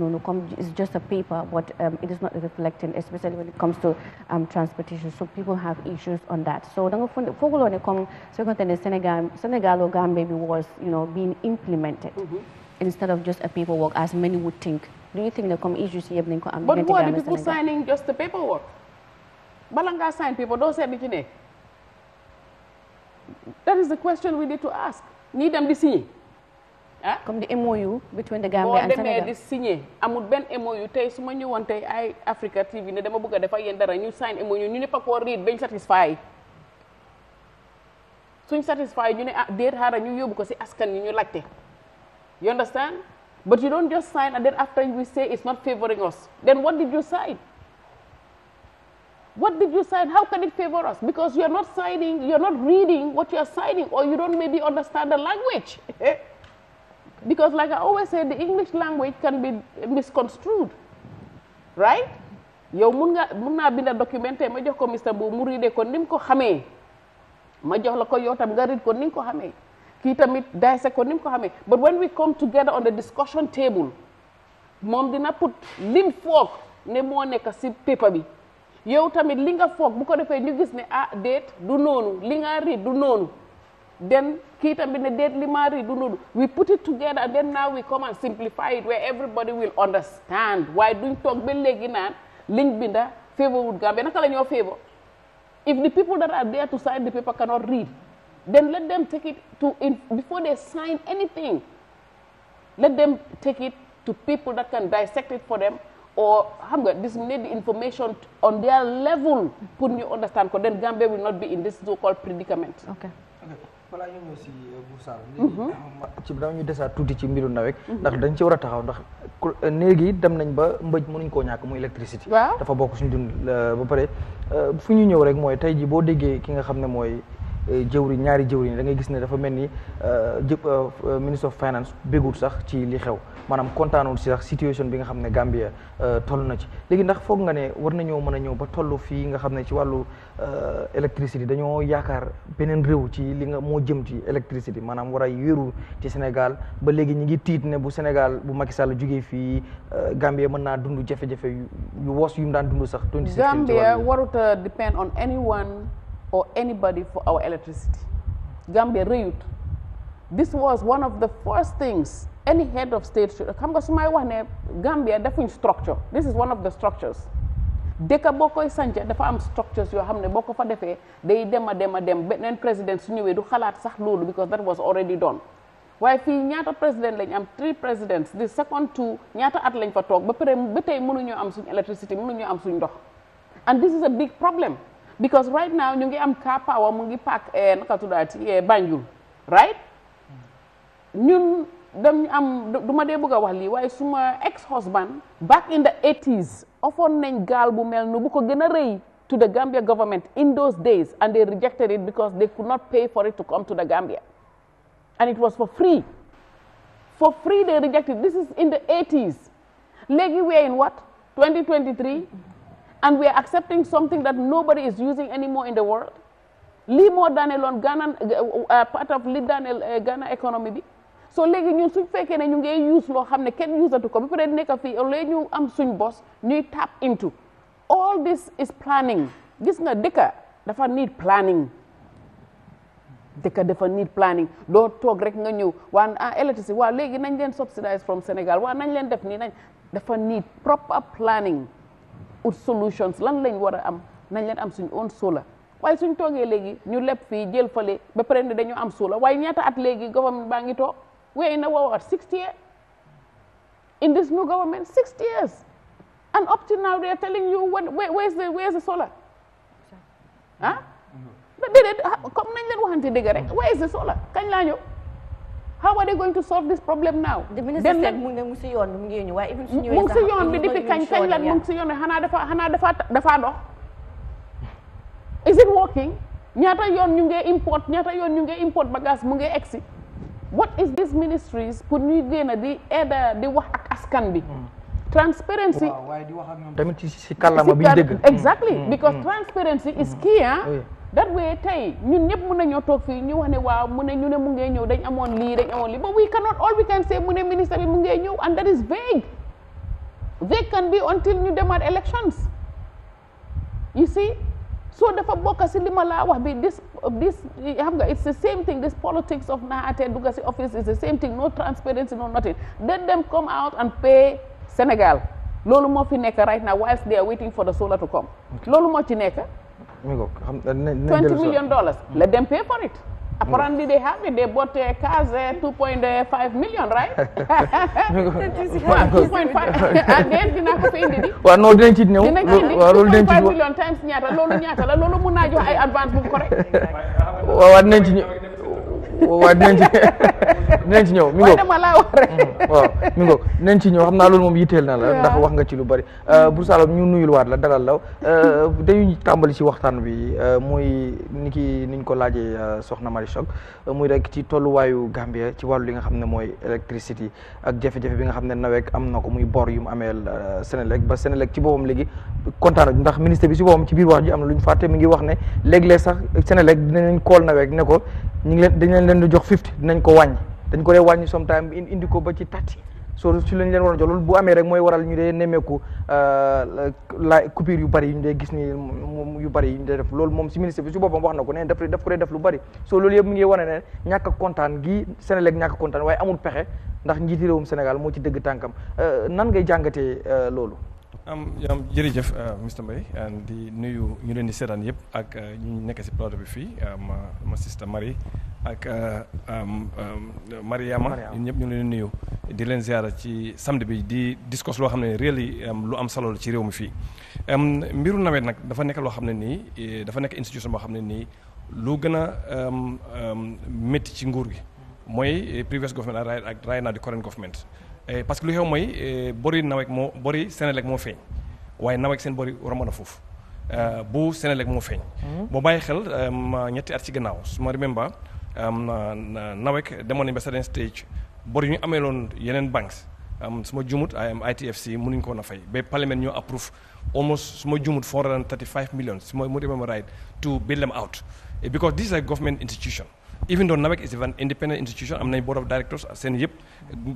is just a paper, but um, it is not reflecting, especially when it comes to um, transportation. So people have issues on that. So don't go on come second Senegal Senegal Gambia was you know being implemented mm -hmm. instead of just a paperwork as many would think. Do you think there come issues here? But why are the people signing just the paperwork? Balanga sign people don't say anything. that is the question we need to ask ñii dem di signé ah. comme di MOU between the Gambia and Senegal boo demee di signé amul benn MOU tey su ma ñëwoon tey ay Africa TV ne dama bëgg a def ak yéen dara ñu sign MOU ñu ñëpp a ko read bañ satisfy suñ satisfy ñu ne ah déet xaaral ñu yóbbu ko si askan yi ñu laajte you understand but you don't just sign and then after we say it's not favoring us then what did you sign. What did you sign? How can it favor us? Because you're not signing, you're not reading what you're signing, or you don't maybe understand the language. because, like I always say, the English language can be misconstrued, right? yow mun nga mun naa binda documenté ma jox ko mister bu mu riidee ko ni mu ko xamee ma jox la ko yow tam nga riid ko ni nga ko xamee kii tamit dayse ko ni mu ko xamee but when we come together on the discussion table moom dina put lim foog ne moo nekk si paper bi yow tamit li nga foog bu ko defee ñu gis ne ah déet du noonu li nga du noonu then kii tamit ne déet li ma ri du noonu we put it together and then now we come and simplify it where everybody will understand waaye duñ toog ba léegi naan liñ binda favor wut Gambia naka la ñoo favor if the people that are there to sign the paper cannot read then let them take it to in before they sign anything let them take it to people that can or xam nga disseminate the information on their level pour ñu understand ko then Gambia will not be in this so called predicament okay. balaa ñu si Buur euh, mhm. ci dama ñu desaat tuuti ci mbiru nawet mhm. ndax dañ ci war a taxaw ndax euh, néegi dem nañ ba mbëj mënuñ koo ñàkk muy électricité dafa bokk suñu dund euh, ba pare fu ñu ñëw rek mooy tey ji boo déggee ki nga xam ne mooy Eh, jëwriñ ñaari jëwriñ da ngay gis ne dafa mel ni euh, jëpp euh, euh, ministre of finance bégul sax ci li xew maanaam kontaanul si sax situation bi nga xam ne Gambia toll na ci léegi ndax foog nga ne war nañoo mën a ñëw ba toll fii nga xam ne ci wàllu électricité dañoo yaakaar beneen réew ci li nga moo jëm ci électricité maanaam war a wéeru ci Sénégal ba léegi ñu ngi tiit ne bu Sénégal bu Macky Sall jugee fii Gambia mën naa dund jafe-jafe yu woos yu mu daan dund sax. Gambia warut a depend on or anybody for our electricity. Gambia rëyut this was one of the first things any head of state should xam nga su may wax ne Gambia defuñ structure this is one of the structures dëkk boo koy sànce dafa am structures yoo xam ne boo ko fa defee day dem a dem a dem beneen président su ñëwee du xalaat sax loolu because that was already done waaye fii ñaata président lañ am three presidents the second two ñaata at lañ fa toog ba pare ba tey mënuñoo am suñ électricité mënuñoo am suñ ndox and this is a because right now ñu ngi am car power mu ngi paak eh, naka tuddaati eh, Banjul right ñun dem ñu am du ma dee bëgg a wax lii waaye suma ex husband back in the 80s offoon nañ gaal bu mel nu bu ko gën a rëy to the Gambia government in those days and they rejected it because they could not pay for it to come to the Gambia and it was for free for free they rejected this is in the 80s we in what and we are accepting something that nobody is using anymore in the world lii moo daaneeloon Ghana uh, uh, part of li daaneel uh, Ghana économie bi so léegi ñun suñ fekkee ne ñu ngi use loo xam ne kenn usatu ko ba pare nekk fii au lieu ñu am suñ bos ñuy tap into all this is planning gis nga dëkka dafa need planning dëkka dafa need planning doo toog rek nga ñëw waa ah électricité waaw léegi nañ leen subsidize from Sénégal waaw nañ leen def nii nañ dafa need proper planning ut solutions lan lañ war a am nañ leen am suñ own solar waaye suñ toogee léegi ñu leb fii jël fale ba pare ne dañoo am solar waaye ñaata at léegi government baa ngi toog we in a what sixty years in this new government sixty years and up to now they are telling you when where, where's the where's the solar ah déedéet mm-hmm. comme nañ leen waxante dëgg rek where's the solar kañ laa ñëw how are they going to solve this problem now. dem na dem mu ngi si yoon bi mu ngi ñëw waaye. mu ngi si yoon bi depuis kañ kañ la mu ngi si yoon bi xanaa dafa xanaa dafa dafa dox. is it working ñaata yoon ñu ngi import ñaata yoon mu ngi egsi what is this ministries pour ñuy génn di aida di wax ak askan bi. Hmm. transparency waaye di wax ak ñoom tamit ci ci kàllaama bi ñu dégg. exactly hmm. because hmm. transparency is key ah. that way tey ñun ñëpp mun nañoo toog fii ñu wax ne waaw mu ne ñu ne mu ngee ñëw dañ amoon lii dañ amoon lii but we cannot all we can say mu ne ministre bi mu ngee ñëw and that is vague vague can be until ñu demaat elections you see so defa bokk si li ma laa wax bi this this xam nga it's the same thing this politics of naxaatee dugga si office is the same thing no transparency no nothing let them come out and pay Sénégal loolu moo fi nekk right now whilst they are waiting for the loolu moo ci nekk mi ko xam twenty million dollars let them pay for it apparently they have it they bought a cars eh, eh, two point five million right two point five ah déet dinaa ko fa indi di waaw non dinañ ci ñëw dinañ ci indi million times ñaata loolu ñaata la loolu mun naa jox ay advance bu correct waaw waaw dinañ ci waaw dinañ ci dinañ mi ngoog dama laa wax rek mm. waaw mi ngoog dinañ ci ñëw xam naa loolu moom yitteel na la ndax wax nga ci lu bari euh, mm. Bour Saloum ñu nuyul waat la dalal la euh, dañuy tàmbali ci waxtaan bi euh, muy ni ki niñ ko laajee soxna Marie Choc muy rek ci tolluwaayu Gambia ci wàllu li nga xam ne mooy électricité ak jafe-jafe bi nga xam ne nawek am na ko muy bor yu mu ameel Senelec ba Senelec ci boppam léegi kontaan ndax ministre bi ci boppam ci biir wax ji am na lu ñu fàtte mi ngi wax ne léeg-léeg sax Senelec dinañ kool nawek ne ko leen di jox fifty dinañ ko wàññi dañ ko dee wàññi sometime indi ko ba ci tati soo si lañ leen war a jox loolu bu amee rek mooy waral ñu dee nemmeeku euh, la coupure yu bëri yu ñu dee gis ni yu bëri yu ñu dee def loolu moom si ministre bi si boppam wax na ko ne daf daf ko dee def lu bëri soo loolu yëpp mu ngi wane ne ñàkk kontaan gi Sénégal ñàkk kontaan waaye amul pexe ndax njiiti réewum Sénégal moo ci dëgg tànkam euh, nan ngay jàngatee euh, loolu am am jërëjëf euh, Mr mbay di nuyu ñu leen di seetaan yëpp ak euh, ñu nekk si plateau bi fii euh, ma ma sista Marie ak Mariama ñun ñëpp ñu leen nuyu di leen ziara ci samedi bi di discours loo xam ne really lu am solo ci réew mi fii mbiru nawet nag dafa nekk loo xam ne nii eh, dafa nekk institution boo xam ne nii lu gën a métti ci nguur gi mooy eh, previous government ak right now the current government Eh, parce que lu xew mooy eh, bori nawek moo bori Senelec moo feeñ waaye nawek seen bori romb na foofu eh, bu Senelec moo feeñ. Hmm. boo bàyyi xel ñetti at ci gannaaw su ma remember nawek demoon nañ ba certain stage bor yu ñu ameeloon yeneen banques su ma jumut ITFC mënuñ ko woon a fay ba parlement ñoo approve almost su ma jumut four hundred and thirty five millions su ma mu remember right to bail them out because this is a government institution even though NAWEC is an independent institution i am the board of directors seen yëpp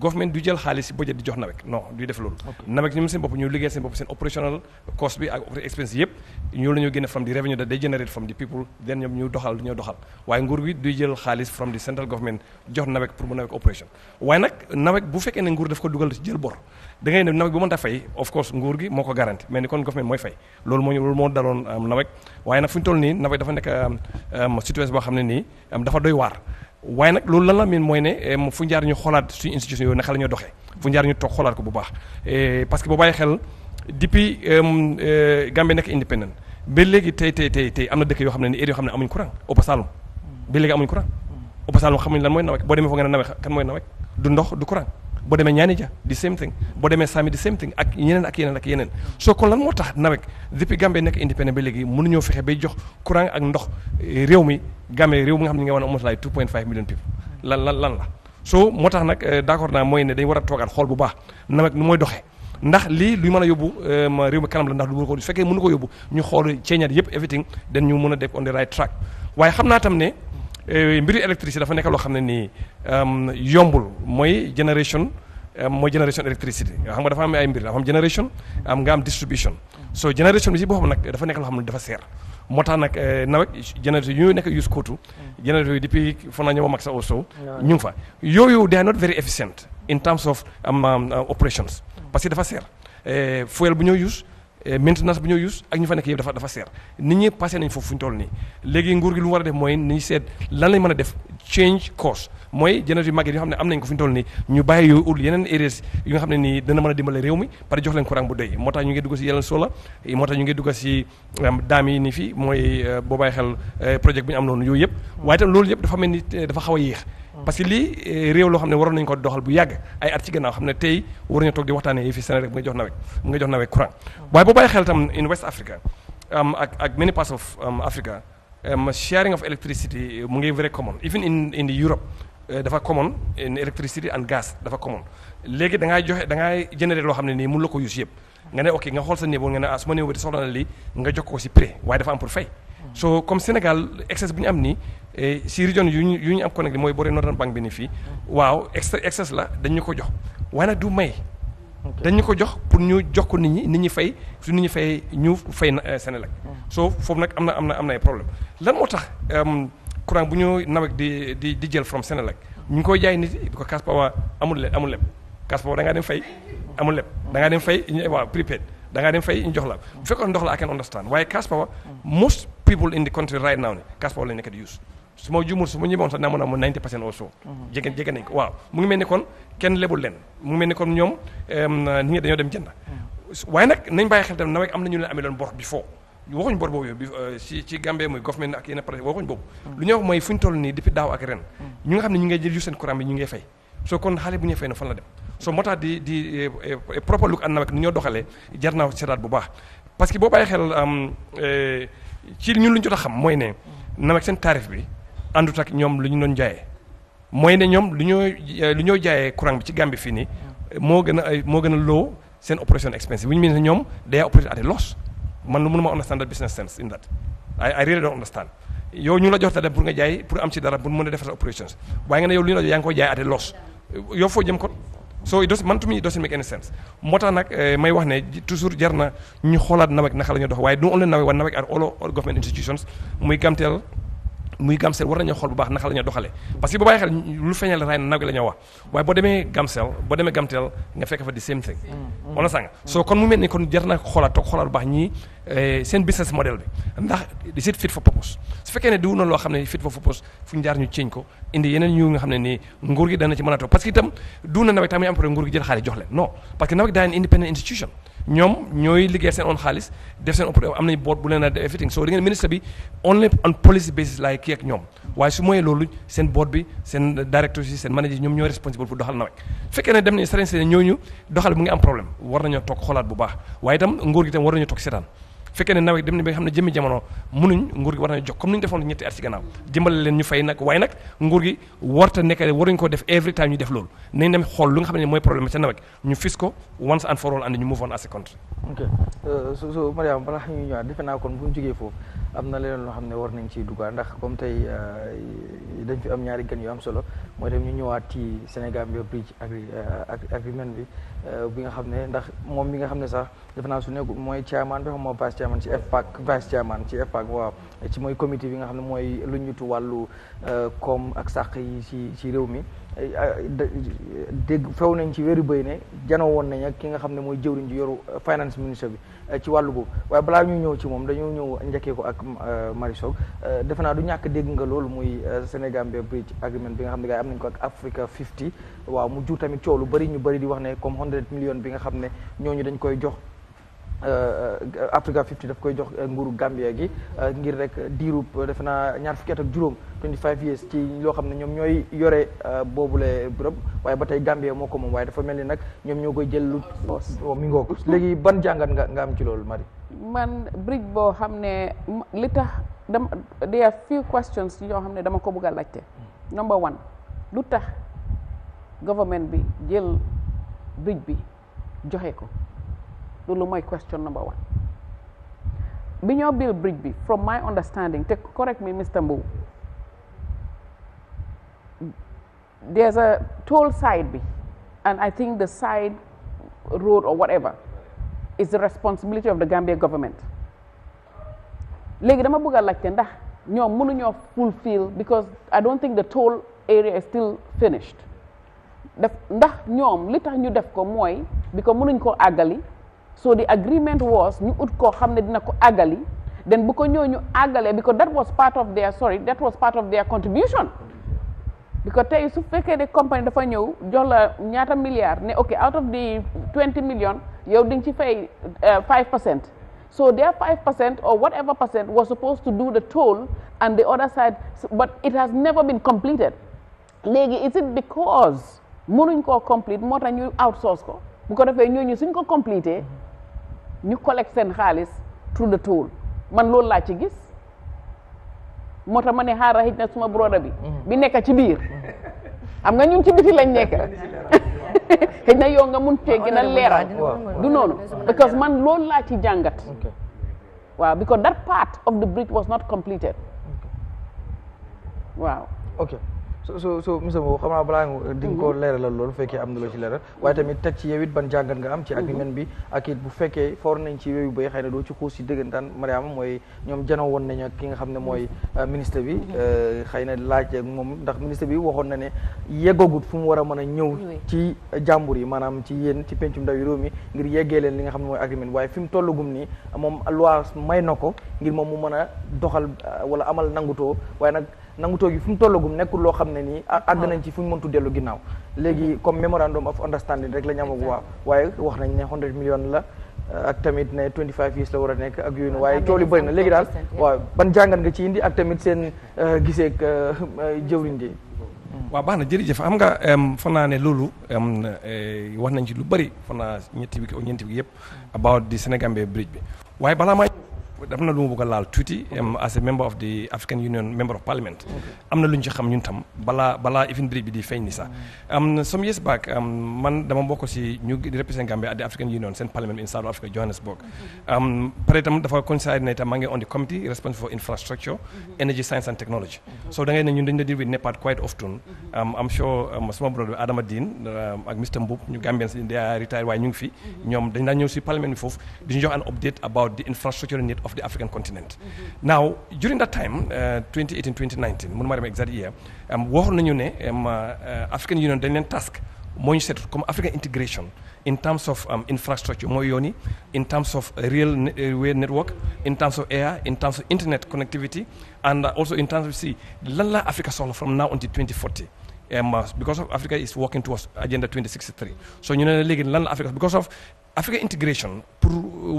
government do jël xaalis budget di jox NAWEC non du def loolu NAWEC ñoom seen bopp operational cost bi ak operating expense yëpp ñoo la ñoo from the revenue that they generate from the people then ñoom ñu doxal ñoo doxal Why in gi du jël xaalis from the central government jox NAWEC pour operation waaye nag NAWEC bu fekkee ne nguur daf ko dugal ci jël bor da ngay ne nawet bu mënta fay of course nguur gi moo ko garanti mais ni kon government mooy fay loolu moo loolu moo daloon euh, nawet waaye nag fu ñu toll nii nawet dafa nekk euh, euh, situation boo xam ne nii dafa doy waar waaye nag loolu lan la miin mooy ne fu ñu jaar ñu xoolaat suñu institution yooyu naka la ñoo doxee fu ñu jaar ñu toog xoolaat ko bu baax parce que boo bàyyi xel depuis Gambie nekk indépendant ba léegi tey tey tey tey am na dëkk yoo xam ne ni air yoo xam ne amuñ courant Upper Saloum ba léegi amuñ courant Upper Saloum xamuñ lan nawet boo demee foo nga ne nawet kan mooy nawet du ndox du boo demee ñaani ja di same thing boo demee saami di same thing ak yeneen ak yeneen ak yeneen soo kon lan moo tax nawek depuis Gambie nekk indépendant ba léegi mënuñoo fexe bay jox courant ak ndox eh, réew mi Gambie réew mi nga xam a ñu ngi woon a motalaay 2.5 million people lan lan lan la so moo tax nag eh, d'accord naa mooy ne dañ war a toogaat xool bu baax nawek nu mooy doxee ndax lii luy mën a yóbbu eh, réew mi kanam la ndax lu mën ko fekkee mënu ko yóbbu ñu xool ceeñaat yëpp everything dañ ñu mën a def on waaye xam naa tam ne Euh, mbiru électricité dafa nekk loo xam ne nii euh, yombul mooy génération euh, mooy génération électricité xam nga dafa am ay mbir dafa am génération am nga am distribution so génération bi si boppam nag dafa nekk loo xam ne dafa seer moo tax nag nawet génération nekk use kootu depuis foog naa ñëw mag sa au sow fa yooyu they are not very efficient in terms of um, um, operations mm. parce dafa seer fuel bu ñoo use Eh, maintenance bi ñoo use ak ñu fa nekk yëpp dafa dafa seer nit ñi passé nañ foofu fu ñu toll nii léegi nguur gi lu war a def mooy ni seet lan lañ mën a def change course mooy jënat yu màgget yi nga xam ne am nañ ko fi toll nii ñu bàyyi yu ul yeneen areas yu nga xam ne nii dana mën a dimbale réew mi pare jox leen courant bu doy moo tax ñu ngi dugg si yeneen sola moo tax ñu ngi dugg si daam yi ni fii mooy eh, boo xel eh, projet bi ñu am noonu yooyu yëpp waaye itam loolu yëpp dafa mel ni dafa xaw a yéex parce que lii eh, réew loo xam ne waroon nañu ko doxal bu yàgg ay at ci gannaaw xam ne tey waruñu toog di waxtaanee fii Sénégal mu ngi jox nawet courant waaye boo bàyyi xel tam in West Africa ak ak many parts of Africa sharing of electricity eh, mu ngi very common even in in Europe eh, dafa common in electricity and gas dafa common léegi da ngaa joxe da ngaa généré loo xam ne nii mun la ko use yëpp nga ne ok nga xool sa niveau nga ne ah su ma néew bi soxla na lii nga jox ko si prix waaye dafa am pour so comme Sénégal excess bu ñu am nii eh, si région yu ñu yu ñu am connecté mooy booree Northern Bank bi ni fii waaw ex excess la dañu ko jox waaye nag du may. dañu ko jox pour ñu jox ko nit ñi nit ñi fay su nit ñi fay ñu fay eh, Senelec hmm. so foofu nag am na am na am na ay problème lan moo tax courant bu ñu nawet di di di jël from Senelec ñu ngi koy jaay nit yi ko Kaspawa amul le amul leb Kaspawa da dem fay amul leb da ngaa dem fay waaw prepaid da ngaa dem fay ñu jox la bu fekkoon dox la I can understand waaye Kaspawa hmm. most people in the country right now ne cash power nekk di use su ma jumul sax naa mën a amoon 90 percent also mhm. jege jege waaw mu ngi mel ni kenn lebul leen mu ngi mel ni ñoom nit ñi dañoo dem jënd mhm. waaye nag nañ bàyyi xel tam am na ñu leen amee boobu yow euh, ci ak mhm. mooy fu ñu toll nii depuis daaw ak ren ñu nga xam ne ñu ngay jël yu seen courant bi ñu ngay fay soo kon xale bu ñuy fay na fan la dem soo moo tax di di eh, eh, proper look at nawet bu baax parce que boo ci ñun luñ jot a xam mooy ne nam ak seen tarif bi àndut ak ñoom lu ñu doon jaayee mooy ne ñoom kurang ñoo lu fini. jaayee courant bi ci Gambie fii nii moo gën low seen operation expense bu ñu mel ne ñoom day operate at a loss man lu mënuma understand that business sense in that I, I really don't understand Yo ñu la jox dara pour nga jaay pour am ci dara pour mën a operations waaye nga ne yow lu ñu la jox jaay at a loss Yo foo jëm kon so it does man to me it doesn't make any sense moo tax nag eh, may wax ne toujours jar na ñu xoolaat nawek naka la ñuy dox waaye du only nawek waa nawek are all government institutions muy gamteel muy Gamcel war nañoo xool bu baax naka la ñoo doxalee parce que bu bàyyi xel lu feeñal raay na naw la ñoo wax waaye boo demee Gamcel boo demee Gamtel nga fekk fa di same thing mm, mm. wala sànga soo kon mu mel ni kon jar na xoolaat toog xoolaat bu baax ñii eh, seen business model bi ndax is it fit for purpose su fekkee ne diwu na loo xam ne fit for purpose fu ñu ñu ceeñ ko indi yeneen ñu nga xam ne nii nguur gi dana ci mën a toog parce que itam du na nawet tamit am problème nguur ñoom ñooy liggéey seen own xaalis def seen am nañ board bu leen a def everything so di ngeen ministre bi only on policy basis laay kii ak ñoom waaye su mooyee loolu seen board bi seen directeurs yi seen manager ñoom ñooy responsible pour doxal nawet fekkee ne dem nañ seren seen ñooñu doxal bu ngi am problème war nañoo toog xoolaat bu baax waaye itam nguur gi itam war nañoo toog seetaan fekkee ne nawet dem ne ba nga xam ne jëmmi jamono munuñ nguur gi war nañu jox comme ni ñu defoon ñetti at ci gannaaw dimbale leen ñu fay nag waaye nag nguur gi warta nekk waruñ ko def every ñu def loolu nañ dem xool lu nga xam ne mooy problème ca nawet ñu fis ko once and for all and ñu move on as a country ok euh, so so balaa naa kon bu ñu jógee foofu leneen loo xam ne war nañ ciy duggaat ndax comme tey euh, dañ fi am ñaari gan yu am solo mooy dem ñu ñëwaat ci Sénégal bi bridge agri euh, agreement bi Euh, bi nga xam ne ndax moom mi nga xam ne sax defe naa su nekkul mooy chairman bi xam moo vice chairman ci FPAC vice chairman ci FPAC waaw ci mooy comité bi nga xam ne mooy lu ñutu wàllu euh, koom ak sàq yi ci ci réew mi dégg few nañ ci wéru bëy ne janoo woon nañ ak ki nga xam ne mooy jëwriñ ji yoru euh, finance ministre bi Euh, ci wàllu boobu waaye balaa ñuy ñëw ci moom dañoo ñëw njëkkee ko ak euh, Marie Sow euh, defe naa du ñàkk dégg nga loolu muy Sénégambia bridge agreement bi nga xam ne gars am nañ ko ak Africa 50 waaw mu jur tamit coow lu bari ñu bëri di wax ne comme 100 million bi nga xam ne ñooñu dañ koy jox Euh, euh, Africa 50 daf koy jox euh, nguuru Gambia gi ngir rek diirub defe naa ñaar fukki at ak juróom 25 years ci loo xam ne ñoom ñooy yore boobule bërëb waaye ba tey Gambia moo ko moom waaye dafa mel ni nag ñoom ñoo koy jël lu mi ngoog léegi ban jàngat nga nga am ci loolu Marie man bridge boo xam ne li tax dama there are yoo xam ne dama ko bëgg a laajte number one lu tax government bi jël bridge bi joxe ko loolu mooy question number one bi ñoo build bridge bi from my understanding te correct me Mr Mbow there's a toll side bi and I think the side road or whatever is the responsibility of the Gambia government léegi dama bëgg a laajte fulfill because I don't think the toll area is still finished ndax ñoom li tax ñu def ko mooy mënuñ ko so the agreement was ñu ut koo xam dina ko agali, then bu ko ñooñu agalé because that was part of their sorry that was part of their contribution because tey su fekkee ne company dafa ñëw jox la ñaata milliards ne ok out of the twenty million yow di ci fay uh, five percent so their five percent or whatever percent was supposed to do the toll and the other side but it has never been completed léegi is it because mënuñ ko complete moo tax ñu outsource ko bu ko defee ñooñu suñ ko complété ñu collecte seen xaalis tuddatawul man loolu laa ci gis moo ma ne xaaral xëj na suma broda bi mhm. bi nekk ci biir xam nga ñun ci biti lañ nekk xëj na yow nga mun cee na leeraa leeral du noonu because man loolu laa ci jàngat waaw because that part of the bridge was not completed waaw so so so monsieur Mbow xam balaa nga di nga ko mhm. leeralal loolu fekkee am na loo ci leeral waaye tamit teg ci yow it ban jàngat nga am ci ak mhm. bi ak it bu fekkee for nañ ci yooyu bay xëy na doo ci xuus si dëggantaan Mariama mooy ñoom jano woon nañu ak ki nga xam ne mooy mhm. euh, ministre bi euh, xëy na laaj moom ndax ministre bi waxoon na ne yeggagut fu mu war a mën a ñëw ci jàmbur yi maanaam ci yéen ci pencum ndaw yi mi ngir yeggee leen li nga xam ne mooy agreement waaye fi mu tollugum nii moom loi may na ko ngir moom mu mën a doxal euh, wala amal nangutoo nangu toog yi fu mu tollagum nekkul loo xam ne nii àgg ah. nañ ci fu ñu mëntu dellu ginnaaw léegi comme memorandum of understanding rek la ñu amagu waaye wax nañ ne 100 millions la euh, ak tamit ne 25 years la war a nekk ak yooyu waaye coow li bëri na léegi daal waaw ban jàngan nga ci indi ak tamit seen euh, giseeg euh, jëwriñ ji hmm. waaw baax na jërëjëf xam nga foog naa ne loolu eh, wax nañ ci lu bëri fan naa ñetti bi ñeenti bi yëpp hmm. about di Sénégambie bridge bi waaye balaa am na lu ma bëgg a laal tuuti. as a member of the African Union member of parliament. am na lu ñu ci xam ñun tam balaa balaa ifindiri bi di feeñ ni sax. Mm. am na some years back man dama bokk si ñu di represent Gambia at the African Union seen parliament in South Africa Johannesburg. pare itam dafa considéré ne itam maa ngi on the committee responsible for infrastructure. Mm-hmm. energy science and technology. so da ngay ne ñun dañu la deal with NEPAD quite often. Mm-hmm. am sure sama brother Adama Dean ak Mr Mboup ñu Gambians they are retired waaye ñu ngi fi. Mm-hmm. ñoom dañ daan ñëw si parliament bi foofu di ñu jox an update about the infrastructure need of the African continent. Mm-hmm. Now, during that time, uh, 2018, 2019, here, dem exact year you um, nañu ne um, uh, uh, African Union dañ task moo ñu seet African intégration in terms of um, infrastructure mooy in terms of real rail uh, network in terms of air in terms of internet connectivity and also in terms of see, Lala Africa soxla from now until 2040. Um, because of Africa is working towards Agenda 2063 so you know, léegi lan Africa because of Africa Integration pour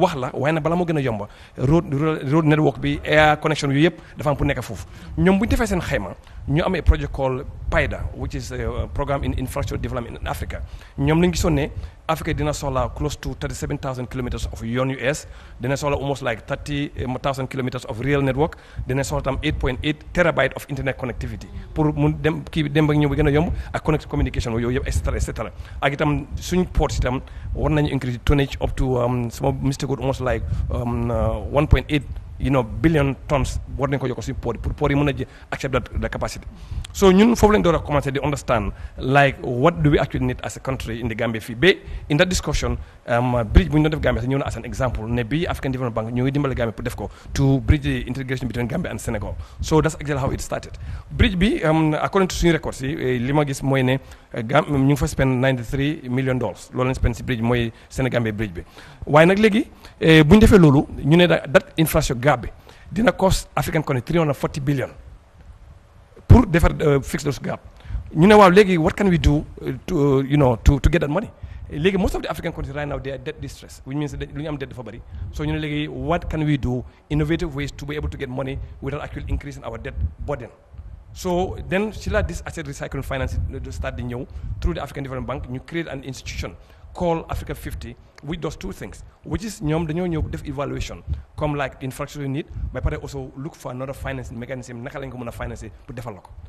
wax la waaye na bala moo gën a yomba road road network bi air connection yooyu yëpp dafa am pour nekk foofu ñoom bu ñu defee seen xayma ñu am a projet called PAIDA which is a uh, programme in infrastructure development in Africa ñoom la ñu gisoon ne Afrique dina soxla close to kilometers of yoon yu ees dina soxla almost like eh, kilometers of real network dina soxla tam 8.8 terabyte of internet connectivity pour mun dem kii bi dem ba ñëw bi gën a yomb ak connect communication yooyu yëpp et cetera et cetera ak itam suñ port itam war nañu increase tonnage up to um, sama mystique almost like 1.8 um, uh, you know billion tons war nañ ko yokk si port pour port yi mën a ji accept that the capacity so ñun foofu lañ door a commencé di understand like what do we actually need as a country in the Gambia fii ba in that discussion um, bridge bu ñu doon def Gambia ñëw na as an example ne African Development Bank ñu ngi dimbale Gambia pour def ko to bridge the integration between Gambia and Senegal so that's exactly how it started bridge bi um, according to suñu records yi eh, li ma gis mooy ne eh, ñu ngi fa spend 93 million dollars loolu lañ spend si bridge bi mooy Sénégambie bridge bi waaye nag léegi Eh, bu ñu defee loolu ñu ne date inflation gap dina cost African Connect 340 billion pour defar euh, fix those gaps. ñu ne waaw léegi what can we do euh, to euh, you know to to get that money eh, léegi most of the African countries right now they are debt distress which means lu ñu am debt dafa bëri so ñu ne léegi what can we do innovative ways to be able to get money without actually increasing our debt burden so then ci la this asset recycling finance uh, start di ñëw through the African Development Bank ñu create an institution call Africa 50 which does two things which is ñoom ñëw évaluation come like infrastructure need. But ba also look for another financing mechanism National lañ financing, but a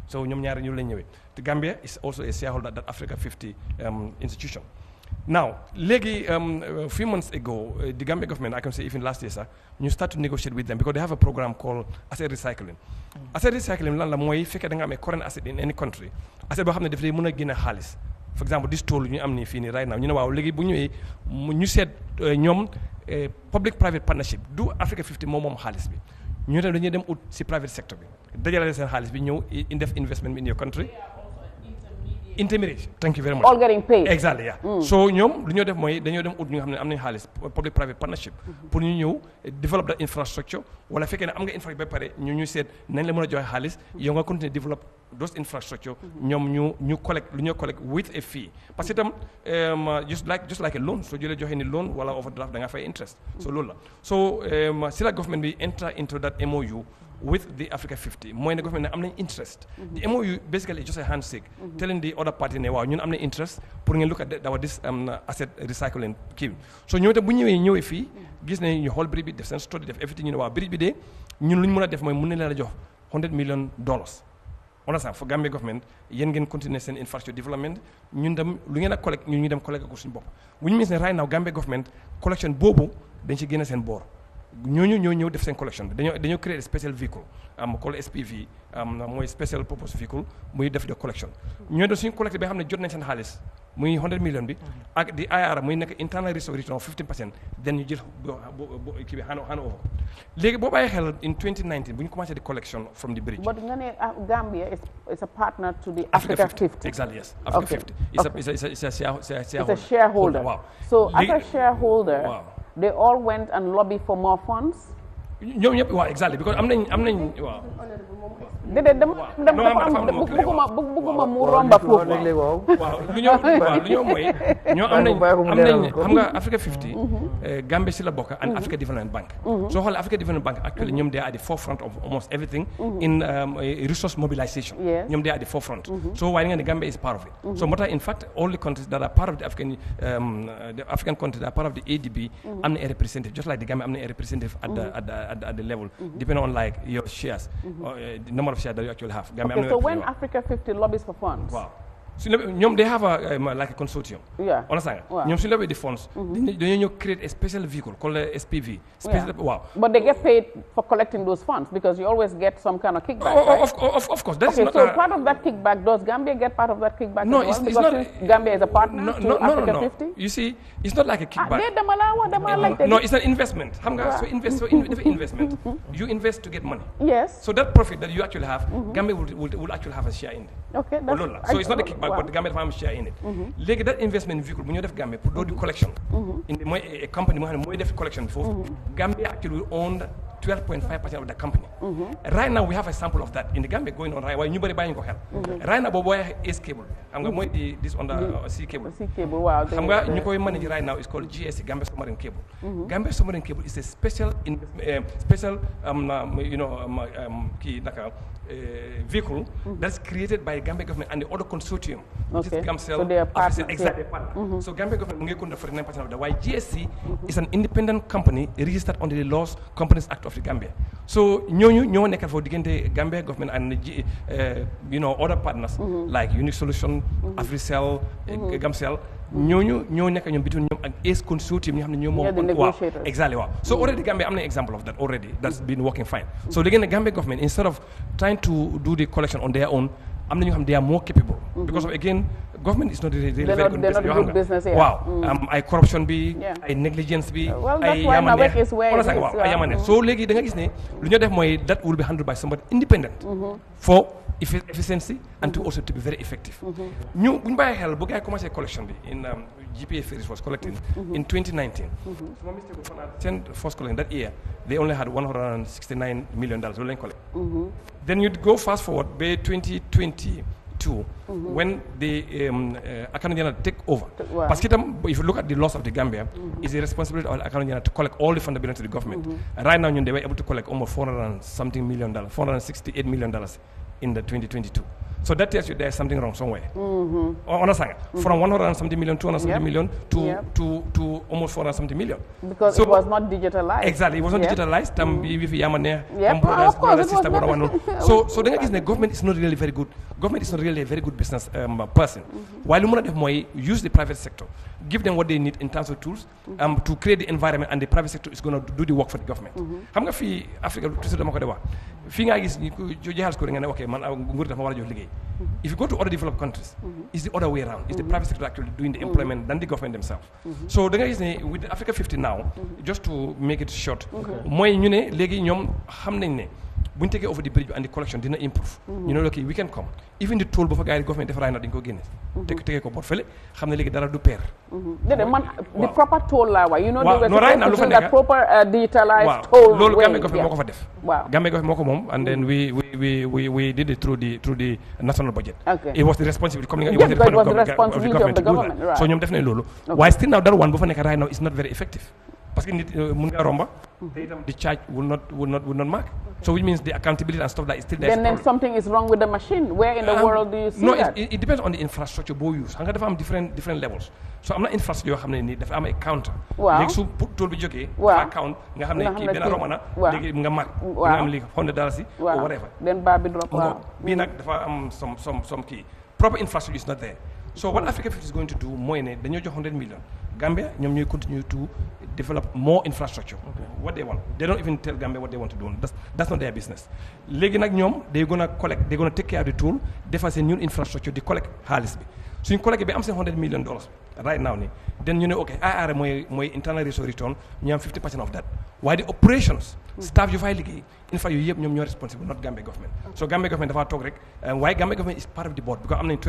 so ñoom ñaari ñu lañ Gambia is also a shareholder that Africa 50 um, institution. Now, Legi, um, a few months ago, uh, the Gambia government, I can say even last year, sir, you start to negotiate with them because they have a program called asset recycling. Mm -hmm. Asset recycling, lan la moy fekke denga me current asset in any country. Asset bo xamne daf lay mëna gëna xaliss. par exemple 10 tool ñu am nii fii nii right ñu ne waaw léegi bu mu ñu seet euh, ñoom euh, public private partnership du Africa 50 moom moom xaalis bi ñu ne dañuy dem ut si private sector bi dajale seen xaalis bi ñëw def investment in your country intermarriage thank you very much. all getting paid exactly yeah. Mm. so you, lu ñoo def mooy dañoo dem ut ñu nga xam ne public private partnership. Mm-hmm. pour ñu ñëw développer that infrastructure wala fekkee am nga infrastructure ba pare ñu ñu seet nañ la mën a joxe You yow nga continuer develop those infrastructure mm-hmm. ñoom ñu ñu collect lu collect with a fee parce que um, just like just like a loan soo jëlee joxe ni loan wala overdraft da nga fay interest so mm-hmm. loolu la so um, si la government bi enter into that MOU with the Africa 50 mooy the government i am nañ interest. the MOU basically is just a handshake. telling the other party you know, i am nañ interest Putting a look at our this um, asset recycling scheme. so you know, bu ñëwee ñëwee fii gis nañ ñu xool whole bi the seen study everything you know, waaw biri bi de ñun we ñu mën a def mooy mën 100 million dollars. understand for Gambia government yéen ngeen continuer infrastructure development you dem lu ngeen a collect you need dem collecté ko suñu bopp bu ñu means right now Gambia government collection boobu dañ ci génne seen board. ñooñu ñoo ñëw def seen collection bi dañoo dañoo special vehicle am SPV mooy special purpose vehicle muy def de collection ñoo doon suñu collecte bi xam ne jot nañ seen xaalis muy 100 million bi ah. ak di IR muy nekk internal restoration of 15 percent then ñu jël xel in bu ñu commencé di collection from the bridge ne ah, Gambia is a partner to the Africa 50 exactly yes Africa 50 is a is a is a shareholder waaw so as a shareholder waaw they all went and lobbied for more funds. ñoom ñëpp Well, exactly because i am i am well. waaw déedéet dama dafa Africa 50 mhm. eh, Gambia si la bokk and mhm. Africa Development Bank mhm. So, whole Africa Development Bank actually they are at the forefront of almost everything in um, eh, resource mobilization they are at the forefront so waaye Gambia is part of it so in fact all the countries that are part of the African um, the African countries that are part of the ADB i am a representative just like the Gambia i am a representative at the at the level depending on like your shares oh, eh, the number of shares that you actually have. okay, so when Africa 50 lobbies for funds, wow suñu ñoom day have a um, like a consortium. Yeah. understand nga ñoom suñu la mm-hmm. di funds. dañoo ñëw create a special vehicle called a SPV. special waaw. but they get paid for collecting those funds because you always get some kind of kickback. Oh, oh, right? of, oh, of, of course. That okay, is not so part of that kickback, does Gambia get part of that kickback? No, it's, it's not. Gambia is a partner no, no, to no, 50? You see, it's not like a ah, kickback. no, it's an investment. Yeah. So, invest, so investment, you invest to get money. Yes. So that profit that you actually have, mm-hmm. Gambia will, will, actually have a share in. Okay. so it's not a kickback. Gambia Gambia dafa am share in it mhm. léegi that investment vehicle bu ñu def Gambia pour doo collection mhm. indi mooy company moo xam ne mooy def collection bi foofu mhm. owned 12.5% company. Right now, we have a sample of that in the Gambia going on right Why nobody buying help. Mm -hmm. Right now, Boboy is cable. Uh, sea cable. Sea cable, wow. I'm right now is called GSC, Gambia Submarine Cable. Mm Submarine Cable is a special, in, uh, a, uh, vehicle mm-hmm. that's created by Gambia government and the other consortium, which is So they are partners. Exactly, mm-hmm. So Gambia government will 49% of the while GSC mm-hmm. is an independent company registered under the Laws Companies Act of the Gambia. So ñooñu ñoo nekk for the Gambia government and uh, you know other partners mm-hmm. like Unique Solution, mm-hmm. Africell, uh, mm-hmm. Gamcell ñooñu ñoo nekk ñoom between ñoom ak ace consortium ñi xam ne ñoom exactly waaw so already Gambia am na example of that already that's been working fine so léegi nag government instead of trying to do the collection on their own am na ñoo xam they are more capable mm-hmm. because of again government is not really very good mm. um, negligence bi ay yamane so léegi da nga def mooy that will be handled by somebody independent mm-hmm. for efficiency and to mhm. also to be very effective. New mhm. bu ñu bàyyi xel collection in um, GPA Ferris was collecting mhm. in 2019. su ma mistake first collection that year they only had 169 million dollars then you go fast forward by 2020. Mm -hmm. when the um, uh, take over. Wow. if you look at the loss of the Gambia, mm -hmm. it's the responsibility of Akano to collect all the fundamental to the government. Mm -hmm. Right now, they were able to collect almost 400 something million dollars, 468 million dollars in the 2022 so that tells you there's something wrong somewhere. Mm-hmm. Understand? Mm-hmm. From 170 million, 270 yep. million to, yep. to, to almost 470 million. Because so, it was not digitalized. Exactly. It was not yep. digitalized. Um, mm. if yep. brothers, oh, whatever. So, so the thing is, the government is not really very good. Government is not really a very good business um, person. Mm-hmm. Lumuna use the private sector, give them what they need in terms of tools mm-hmm. um, to create the environment, and the private sector is going to do the work for the government. Mm-hmm. Xam nga Africa tusu dama ko de wax. Fi nga gis ah, a If you go to other developed countries, mm-hmm. it's the other way around. It's the mm-hmm. private sector actually doing the mm-hmm. employment than the government themselves. So da ngay ne with Africa now, just to make it short, mooy ñu ne léegi ñoom xam nañ ne bu ñu tegee over the bridge bi andi collection dina improve ñu ne ok we can come even the tool ba fa gars yi government defaraa mm-hmm. na dañ ko génne teg tegee ko bor fële xam ne léegi dara du peer déedéet mm-hmm. man the proper tool laa waay you know no right now lu fa nekk proper uh, digitalized tool loolu Gambia government moo ko fa def waaw Gambia government moo ko moom and then we we we we we did it through the through the national budget Okay. it was the responsibility comme it was the responsibility of the government so ñoom def nañ loolu waaye still now dara one bu fa nekk right now is not very effective parce que nit uh, mun ngaa romba Mm-hmm. the charge will not will not will not mark. Okay. So which means the accountability and stuff that is still there. Then, then something is wrong with the machine. Where in the um, world do you see no, that? No, it, it, depends on the infrastructure boy use. xam nga dafa different different levels. so i am not infrastructure i am a counter. waaw léegi su put bi jógee. waaw dafa you nga going to have benn romana. you léegi nga mag. waaw nga am lii hundred dollars yi. whatever. then baa drop waaw. bii nag dafa am some some some key proper infrastructure is not there. so what mm. Africa Fifty is going to do mooy Then you 100 hundred million. Gambia ñoom continue to develop more infrastructure. Okay. what they want they don't even tell Gambia what they want to do that's, that's not their business. léegi nag ñoom they gonna collect They gonna take care of the tool defal seen ñun infrastructure di collect xaalis bi suñ collect bi am hundred million dollars right now nii then you know, ok IRA mooy my internal resource return ñu am 50 percent of that Why the operations. Hmm. staff yu fay liggéey. une fois yooyu yëpp ñoom ñoo responsible not Gambia government so Gambia government dafaa toog rek euh, waaye Gambia government is part of the board because am nañ in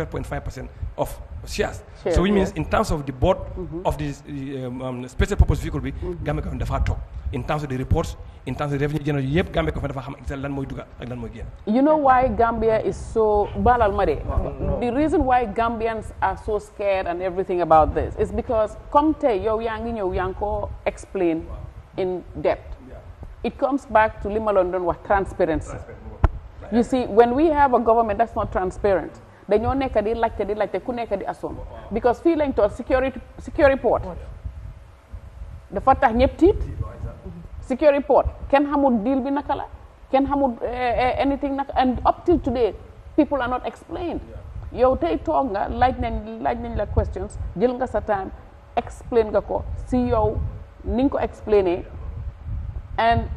mm-hmm. um, um, special purpose vehicle bi mm-hmm. Gambia government dafaa toog in terms of the reports in terms of revenue generation yëpp Gambia government dafa xam lan mooy duga ak lan mooy génn you know why Gambia ma de the reason why Gambians are so scared and everything about this is because comme tey yow yaa ngi ñëw yaa ngi ko it comes back to li ma doon wax transparency you see when we have a government that's not transparent dañoo nekk di laajte di laajte ku nekk di assume because fii lañ toog security security port dafa tax ñëpp tiit security port kenn xamul deal bi naka la kenn xamul eh, eh, anything naka and up till today people are not explained yow tey toog nga laaj nañ laaj nañ la questions jël nga sa time explain nga ko si yow ni ko explainé and um,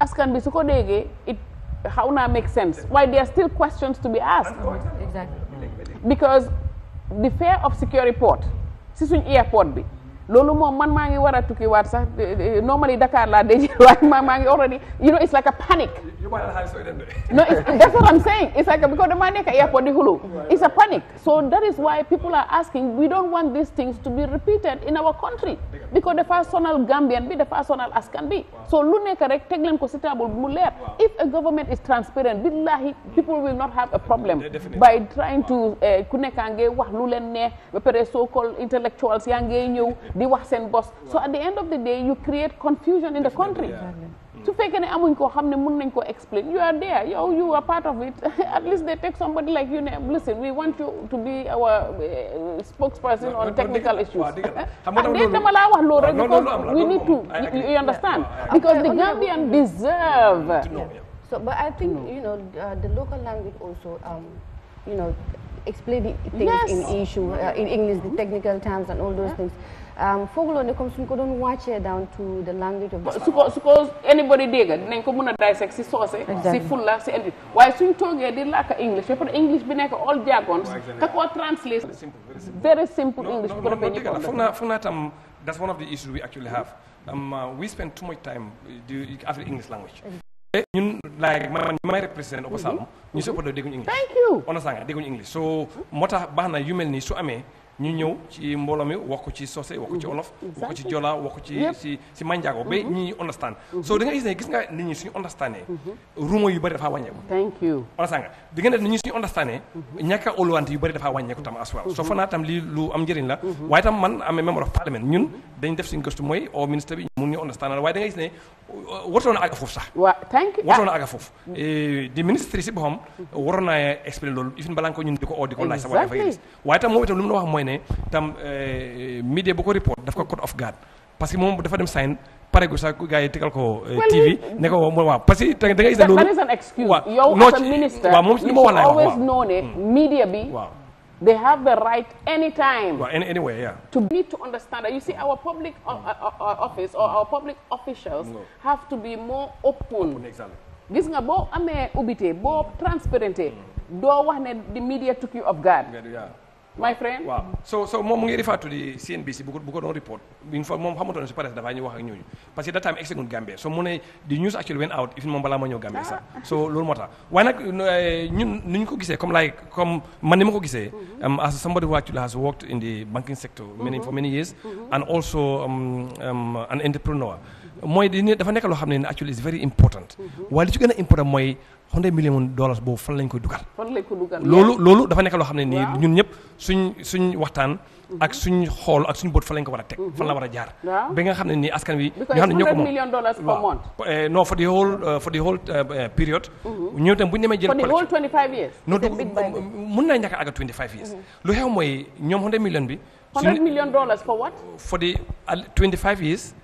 askan bi su ko déggee it xaw naa make sense why there are still questions to be asked exactly because the fare of security port si suñ airport bi loolu moom man maa ngi war a tukki waat sax normally Dakar laa dee jël waaye maa ngi already you know it's like a panic. yu ma la no that's what I'm saying it's like because damaa di xulu it's a panic so that is why people are asking we don't want these things to be repeated in our country because dafa sonal Gambian bi dafa sonal askan bi so lu nekk rek teg leen ko si table mu leer if a government is transparent billahi people will not have a problem by trying to eh, ku nekkaa ngee wax lu leen neex ba pare so called intellectuals ñëw di wax seen boss. so at the end of the day you create confusion in the country su fekkee amuñ koo xam ne nañ explain you are there You you are part of it at least they take somebody like you listen we want you to be our eh, spokesperson on technical issues and eh? then dama laa wax loolu rek because we need to you understand because the Gambian deserve so but I think you know uh, the local language also um, you know explain things in issue uh, in English the mm-hmm. technical terms and all those things Um, fooguloo ne comme suñ ko doon wàccee down to the language of su ko su ko anybody dégga dinañ ko mun a dissect si soose si fulla si indi waaye suñ toogee di làkka english ba pare english ñu foog naa tam that's one of the issues we actually have um, uh, we spend too much time uh, after english language eh, ñun like may represent Opo mm-hmm. Saloum ñu si ëpp doo dégguñu english thank you on a sanga dégguñu english so moo tax baax na yu mel nii su amee ñu ñëw ci mbooloo mi wax ko ci soose wax ko ci mhm. olof wax ko ci jola wax ko ci si si manjaago ba mhm. ñi understand mhm. so da nga gis ne gis nga nit ñi suñu understand rumo yu bari dafaa wàññeeku thank you understand nga di nga ne nit ñi suñu understand ñàkk a óoluwante tam as so fa tam lii lu am njëriñ la waaye tam man amee member of parliament ñun dañ def suñu gëstu mooy oo ministre bi mun ñu understand waaye da gis ne warutoon a àgg foofu sax. waaw tànk warutoon a ah. foofu. Eh, di ministre si boppam. waroon naa loolu ifin balaa nga ko ñun di ko oo di ko laaj. exactement sa waaye dafay waaye tam moom itam lu mu wax mooy ne tam eh, media bu ko report daf ko caught off guard parce que moom dafa dem sign pare gu sax gars yi tegal ko. Eh, TV ne ko parce que da ngay. is a minister waaw moom li ma wax la hmm. media bi. they have the right anytime. Well, any, anyway, yeah. To need to understand that you see, our public mm. o, o, o, office or our public officials no. have to be more open. open exactly. gis nga boo amee ubbite boo transparenté mm. doo wax ne the media took you off guard. Yeah, yeah. my friend waaw so so moom mu ngi refer to the CNBC bu ko bu ko doon report une fois moom xamutoon si presse dafaa wax ak ñooñu parce que that time exegul Gambia so mu ne the news actually went out if moom balaa ma ñëw Gambia sax ah, so loolu moo tax waaye eh, ni ñu ko gisee comme like comme man ni ma ko gisee mhm. um, as somebody who actually has worked in the banking sector many for mhm. many years mhm. and also um, um, an entrepreneur mooy di ne dafa nekk loo xam ne ne actually is very important mhm. waaye li ci gën a important mooy hundred million dollars boobu fan lañ koy dugal loolu loolu dafa nekk loo xam ne nii ñun ñëpp suñ suñ waxtaan mhm. ak suñ xool ak suñ bët fan lañ ko war a teg fan la mhm. war a jaar ba nga xam ne nii askan wi ñoo xam ne ñoo ko moom waaw eh, non for the whole uh, for the whole uh, uh, period ñëw tam bu ñu demee jël non du mun naa ñàkk a àgg lu mooy ñoom hundred million bi hundred million dollars for what for the years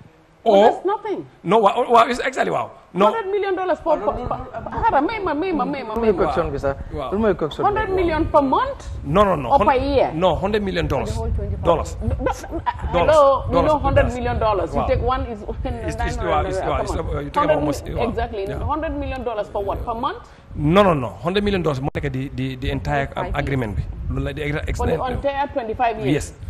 or oh. nothing. no waaw waaw exactly waaw. no 100 million dollars per xaaral may ma may ma may ma. may ma question bi sax. waaw lu mooy question bi 100 million per month. non non non or per year. no 100 million dollars. dollars. hello we know 100 million dollars. you take one is. you take almost. exactly 100 million dollars for what per month. non non non 100 million dollars moo nekk di di di entire agreement bi. loolu la di. for the entire 25 years. yes.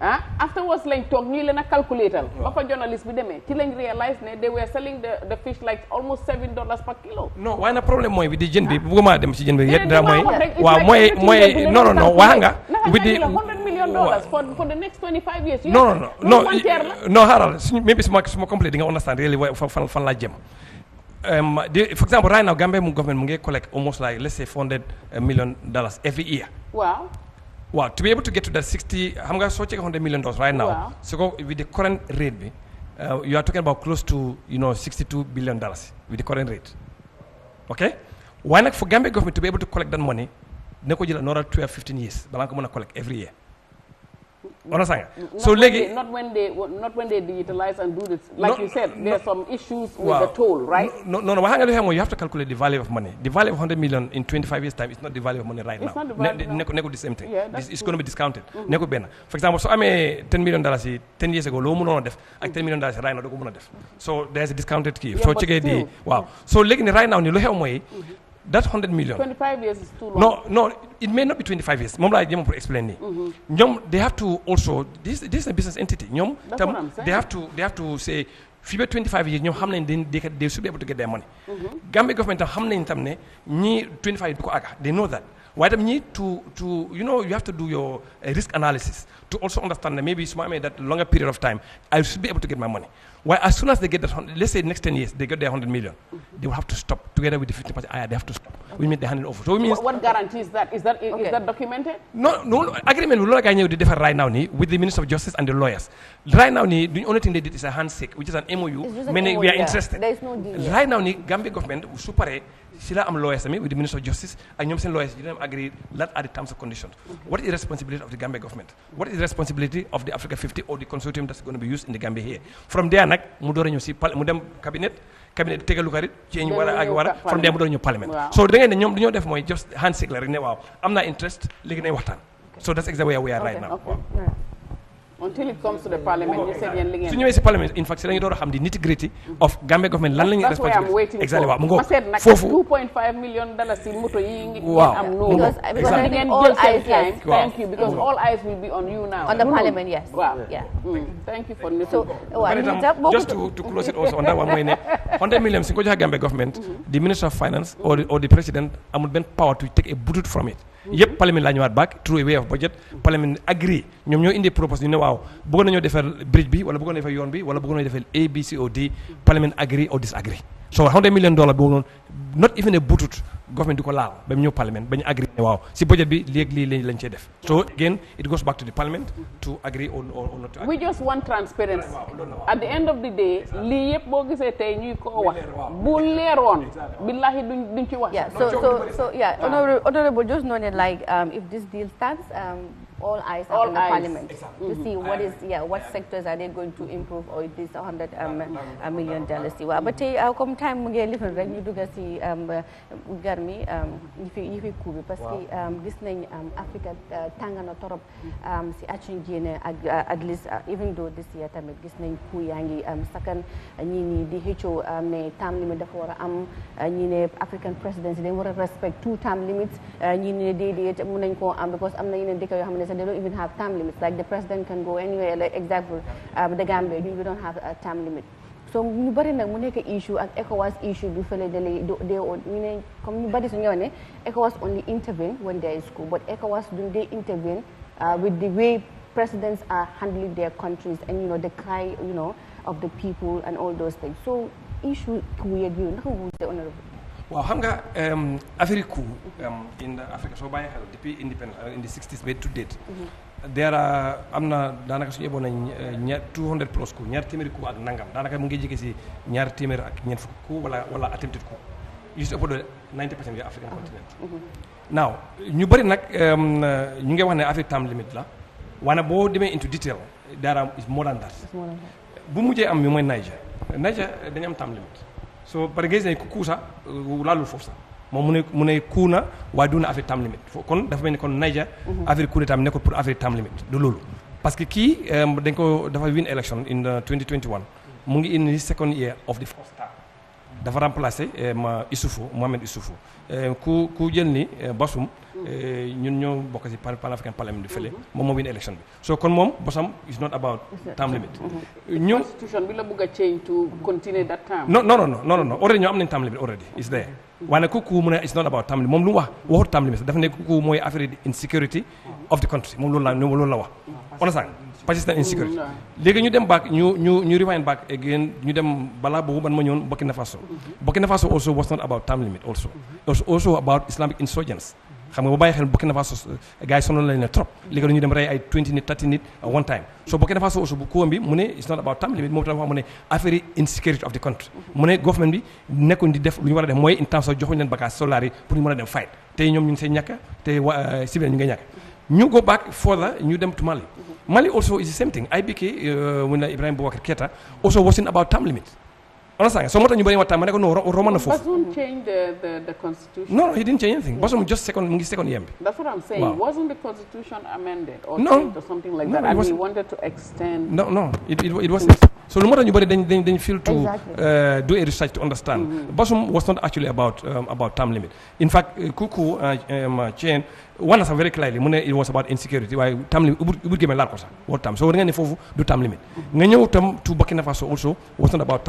ah afterwards lañ toog ñuy leen a calculatal ba fa journaliste bi demee ci lañ réalise ne they the fish like almost seven dollars per kilo waaye nag problème mooy bi di jën bi ah. bëgguma dem ci jën bi yet dara mooy waaw mooy mooy non non non waa nga bi su million dollars for for the next understand really fan fan laa jëm Um, the, for example, right now, Gambia government will collect almost like, let's say, 400 million dollars every year. waaw to be able to get to that 60, I'm soo to so check 100 million dollars right now. Wow. So with the current rate, uh, you are talking about close to you know 62 billion dollars with the current rate. Okay, why not for Gambia government to be able to collect that money? Neko jila another 12, 15 years. Balanko mona collect every year. Understand? Not, so when they, not when they not when they digitalize and do this. Like not, you said, there's some issues well, with the toll, right? No, no, no. You have to calculate the value of money. The value of million in 25 years' time is not the value of money right now. It's the same thing. it's going to be mm-hmm. For example, so I mean, million dollars 10 years ago, low mono def. Like mm-hmm. 10 million dollars right now, low mono def. So there's a discounted key. so check the wow. Mm-hmm. So like right now, you look at that's 100 million. 25 years is too long. No, no, it may not be 25 years. Mom like for explaining. Nyom, mm-hmm. they have to also this is a business entity. Nyom, that's what I'm saying. they have to they have to say fii years ñoom xam nañ dañ they they should be able to get their money. Mm-hmm. Gambia government tam xam nañ tam ne ñii 25 du ko aga they know that. waaye tam ñi to to you know you have to do your uh, risk analysis to also understand that maybe it's my amee that longer period of time I should be able to get my money Why as soon as they get that let's say next 10 years they get their 100 million they will have to stop together with the 50 percent ah, they have to stop we mean they hand it over so means what guarantee is that is that is that documented no no agreement loolu la gaa ñëw the different right now with the minister of justice and the lawyers right now the only thing they did is a handshake which is an MOU meaning we are interested there is no deal right now the Gambia government will super si laa am lawyers tamit with the Minister of Justice ak ñoom seen lawyers yi dina agree that are the terms of conditions what is the responsibility of the Gambia government what is the responsibility of the Africa 50 or the consortium that's going to be used in the Gambia here from there nag mu door a ñëw mu dem cabinet cabinet tegalu karit change war a ak war a from there mu door a parliament so da ngeen ne ñoom du ñoo def mooy just handshake la rek ne waaw am not interest waxtaan so that's exactly where we are right now until it comes to the parliament you said yéen li ngeen su ñëwee parliament in fact si la ñu door a xam di nitty of Gambia government lan la ñuy responsibility exactly waaw mu ngoog two point five million dollars si moto yi ngeen am noonu because di ngeen jël seen time thank you because all eyes will be on you now on the mm. parliament yes Wow. waaw mm. Mm. thank you for nitty so oh, just to to close it also on that one mooy ne hundred million si nga ko joxee Gambia government mm-hmm. the minister of finance or the or the president amul benn power to take a butut from it yëpp parlement laa ñëwaat back through a way of budget parlement agree ñoom ñoo indi propose ñu ne waaw bëggoon nañoo defar bridge bi wala bëggoon nañu defar yoon bi wala bëggoon nañu defar A B C O D parlement so 100 million dollar boobu noonu not even a butut government di ko laal ba mu ñëw parliament ba ñu agree waaw si budget bi léegi lii lañ cee def so again it goes back to parliament to agree or, not transparency at the end of the day lii yëpp boo gisee tey ñuy koo wax bu leeroon billahi duñ duñ ci wax honorable just know that like um, if this deal stands um, all eyes all are on the eyes. parliament exactly. to mm -hmm. see mm-hmm. what is yeah what yeah. sectors are they going to improve or this 100 um, million dollars yi waaw ba tey uh, comme time mu ngi lifin rek ñu dugga si um, garmi yi um, fi yi fi kuu bi parce que gis nañ Africa uh, tàng na torop si accun jéene ak uh, at least even though this year tamit gis nañ kuu yaa ngi sakan ñii nii di xëccoo ne term limit dafa war a am ñii ne African presidency dañ war a respect two term limits ñii ne déedéet mun nañ koo am because am na yoo xam ne and they don't even have time limits. Like the president can go anywhere, like example, um, the Gambia, you don't have a time limit. so ñu bëri nag mu nekk issue ak ECOWAS issue bi fële dalee dee on ñu ne comme ñu bëri su ñëw ne ECOWAS only intervene when there is coup but ECOWAS do they intervene uh, with the way presidents are handling their countries and you know the cry you know of the people and all those things so issue ku yëg yooyu naka honorable waaw xam nga Afrique in Afrique soo bàyyi xel depuis independence euh, in the sixties ba to date mhm. there am na daanaka suñu eboon nañ euh, ñaar two hundred plus coup ñaar téeméeri coup ak nangam daanaka mu ngi jege si ñaar téeméer ak ñeent fukk coup wala wala attempted coup yu si ëpp ah, mhm. now ñu bëri nag ñu ngi wax ne Afrique time limit la waane boo demee into detail there are is more than bu mujjee am yu mooy Niger Niger dañu am time limit so par gis nañ ku kuusa laalul foofu sax moom mu ne mu ne kuuna waaye du na affaire time limit kon dafa mel ni kon Niger affaire kuuna tam nekkul pour affaire time limit du loolu parce que kii dañ ko dafa win election in 2021 uh, mu ngi in his second year of the first term dafa remplacé ma Issoufou Mohamed Issoufou ku ku jël ni eh, Bassoum Eh, ñun ñoo bokk si pan african parliament bi fële mhm. moom moo win élection bi so kon moom bosam is not about time limit mhm. ñu constitution bi la bëgg a change to continue that time non non non non non already ñoo am nañ time limit already is there mhm. waaye nag a mu ne it's not about time limit moom lu mu wax waxut time limit dafa ne kooku mooy affaire insecurity of the country moom loolu la loolu la wax understand mm-hmm. insecurity mm-hmm. léegi ñu dem back ñu ñu ñu again ñu dem balaa boobu ma ñëwoon Burkina Faso mm-hmm. Burkina Faso also was xam nga bu bàyyi xel Burkina Faso gars yi sonal lañ ne trop léegi dañuy dem rey ay 20 nit 30 nit one time so Burkina Faso aussi bu kowam bi mu ne it's not about time limit moom tam wax mu ne affaire yi insecurity of the country mu ne government bi nekkuñ di def lu ñu war a def mooy in temps joxuñ leen bagage solaire yi pour ñu mën a dem fight tey ñoom ñu ngi seen ñàkk te wa euh, civil ñu ngi ñàkk ñu go back further ñu dem to Mali Mali also is the same thing IBK uh, when Ibrahim Boubacar Keita also wasn't about time limit understand so moo tax ñu bëri waxtaan ma ne ko non roman na foofu. Bazoum changed the the the constitution. no he didn't change anything Bazoum just second mu ngi second yem bi. that's what I'm saying wow. wasn't no. no, that. and no so lu moo ñu bëri dañ dañ feel to. Uh, do a research to understand. Mm was not actually about term um, limit. in fact uh, Kuku uh, um, uh one sa very clearly mu ne it was about insecurity waaye time limit ubur ubur gémé laal ko sax war time so war nga ne foofu du time limit nga ñëw tam also was not about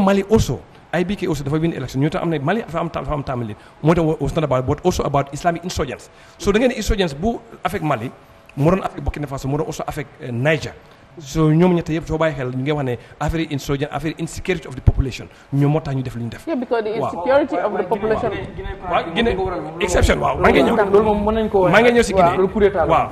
Mali also IBK also dafa win election ñu tam am na Mali dafa am dafa am time limit moo tax was not about but also about Islamic insurgents so da nga ne insurgents bu affect Mali moo doon affect Burkina Faso moo doon also affect eh, Niger so ñoom ñett yëpp soo bàyyi xel ñu ngi wax ne affaire insurgent affaire insecurity of the population ñoom moo tax ñu def li def. waaw Guinée exception waaw maa ngi ñëw. maa ngi ñëw si Guinée waaw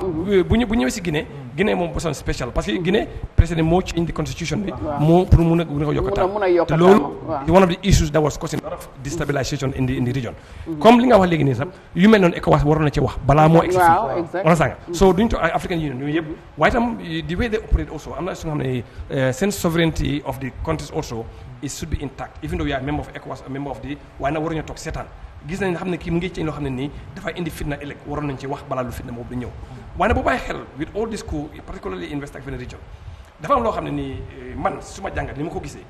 bu ñëwee si Guinée. Guinée moom boson spécial parce que Guinée président moo change the constitution bi moo pour mun a mun a yokkata te loolu one of the issues that was causing destabilization in the region comme li nga wax léegi nii sax yu mel noonu ECOWAS waroon na ci wax balaa moo exi eh, eh, toog seetaan gis nañ xam ne kii mu ngi ci loo xam ne nii dafay indi fitna ëllëg waroon nañ ci wax balaa lu fitna boobu di ñëw waaye bu bàyyi xel with all this coup particularly in West African region dafa am loo xam ne nii eh, man su ma jàngat ni ma ko gisee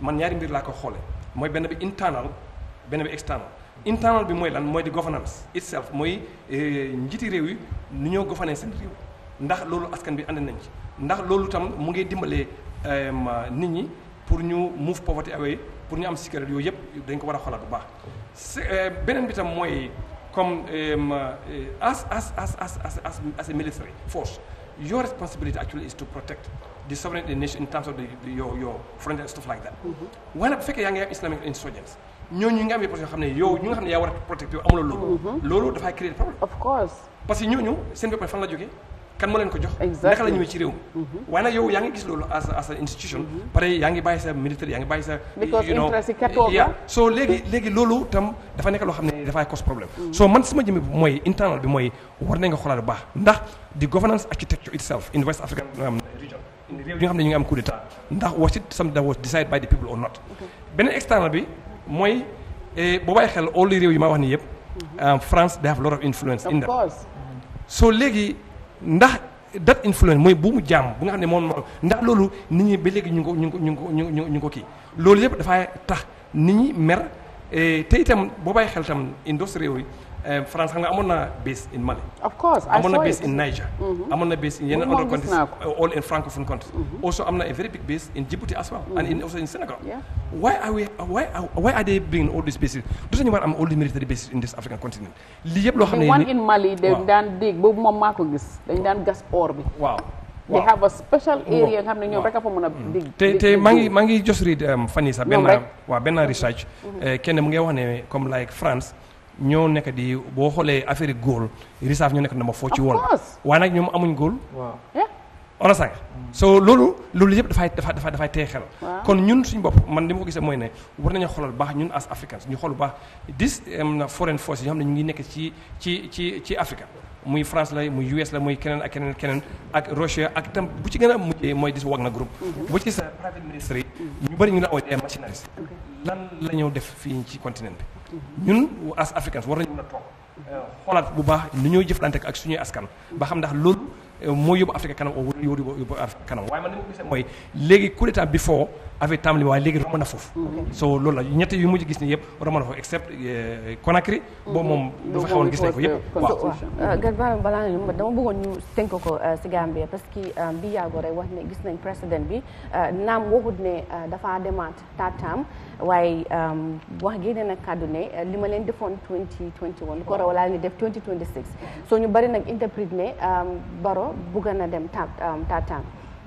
man ñaari mbir laa ko xoole mooy benn bi internal benn bi external internal bi mooy lan mooy di governance itself mooy eh, njiiti réew yi nu ñoo gouverner seen réew ndax loolu askan bi ànd nañ ci ndax loolu tam mu ngi dimbalee nit ñi pour ñu move poverty away pour ñu am sécurité yooyu yëpp dañ ko war a xoolaat bu baax eh, beneen bi tam mooy comme um, uh, as, as, as, as, as, as, as a military force, your responsibility actually is to protect the sovereignty of the nation in terms of the, the, your, your friends and stuff like that. Mm-hmm. When bu fekkee young Islamic insurgents you nga am yëpp yoo xam ne yow ñu nga xam ne yaa war a protect Of course, loolu. Mm-hmm. loolu dafay créer problème. of course. parce que ñooñu la kan moo leen ko jox. exactement naka la ci réew mm-hmm. waaye nag yow yaa ngi gis loolu as as institution. Mm-hmm. pare yaa ngi bàyyi sa militaire yaa ngi bàyyi sa. because léegi loolu tam dafa nekk loo xam ne dafay cause problème. Mm-hmm. soo man sama jëmmi mooy internal bi mooy war na nga xoolaat bu baax ndax the governance architecture itself in West African region. réew yi nga xam ne ñu ngi am coup d'état ndax was it something that was decided by the people or not. beneen external bi mooy eh, um, a ndax date influence mooy buumu jàmm bu nga xam ne moom ndax loolu nit ñi ba léegi ñu ngi ko ñu ngi ko ñu ngi ko ñu ngi ko kii loolu yëpp dafay tax nit ñi mer eh, tey itam boo bàyyi xel itam industrie yi Euh, France xam nga amoon na base in Mali. Mm-hmm. amoon na base in Niger. amoon na base in francophone countries. Mm-hmm. also am na a very big base in Djibouti as well. and in mm-hmm. also in Senegal. why are we why are why are they bringing all these bases war am all military bases in this African continent. lii yëpp loo xam ne one in Mali dañ daan dégg boobu moom gis dañ daan gas or they have a special area nga xam a fa mën a. dig te te maa ngi maa just read fan yii sax. benn research. Euh, kenn mu ngi wax ne comme like France. ñoo nekk di boo xoolee affaire yi góol risaaf ñoo nekk number four ci woon waaye nag ñoom amuñ góol on a so loolu loolu yëpp dafay dafa dafa dafay tey xel kon ñun suñ bopp man li ma ko gisee mooy ne war nañu xoolal baax ñun as africans ñu xool baax dis um, foreign force yi nga xam ne ñu ngi nekk ci ci ci ci Afrique muy France la muy US la muy keneen ak keneen keneen ak Russia ak itam bu ci gën a mujjee mooy dis Wagner Group mm-hmm. bu ci sa private ministre yi ñu bëri ñu la ooy ay machineries lan la ñëw def fii ci continent bi ñun as africains war nañu mën a toog euh, xoolaat bu baax ni ñoo jëflante ak suñuy askan ba xam ndax loolu euh, mooy yóbbu Afrique kanam oo yóbbu yóbbu Afrique kanam waaye man li ma gisee mooy léegi coup d'état bi foo affaire tàmbali waaye léegi romb na foofu. so loolu la ñett yu mujj gis ni yëpp romb na foofu except eh, Conakry. Mm-hmm. boobu moom lu mm-hmm. fa xewoon gis nañ euh, balaa ñu dama bëggoon ñu tënk ko euh, si Gambia parce que euh, bi yàggoo rek wax ne gis nañ président bi naam waxut ne dafa demaat taataam waaye wax génne na kàddu ne li ma leen defoon 2021 lu ko raw laa leen def 2026 so ñu bari nag interprète ne Baro bëgg na dem taataam.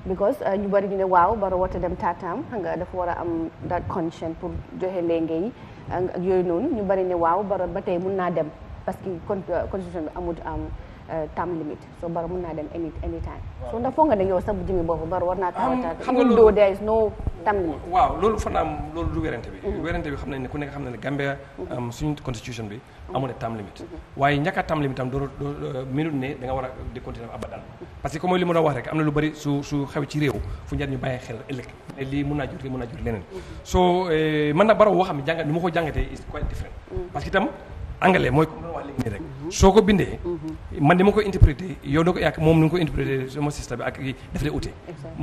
because uh, ñu bari ñu ne waaw Barrow warut dem Tatam xam nga dafa war a am that conscience pour joxe lenge yi ak yooyu noonu ñu bari ne waaw Barrow ba tey mun naa dem parce que euh, constitution bi amut am um, Euh, time limit so bar mun naa dem any any so ndax foog nga ne yow sa jëmmi bopp bar war naa tawata waaw loolu fa naam loolu du werante bi mm-hmm. werante bi xam nañ ne ku nekk xam na ne Gambia mm-hmm. suñu constitution bi mm-hmm. amul ne time limit waaye ñàkk a time limit tam doo doo minute ne da nga war a di continuer abadan parce que comme li ma doon wax rek am na lu bari su su xew ci réew fu njar ñu bàyyi xel ëllëg ne lii mun naa jur lii mun leneen so eh, man na baro woo xam ne jàngat ni ma ko jàngatee parce que itam anglais mooy comme waa léegi nii rek soo ko bindee man ni ma ko interprété yow da ko yàq moom nu nga ko interprété sama système bi ak daf dee ute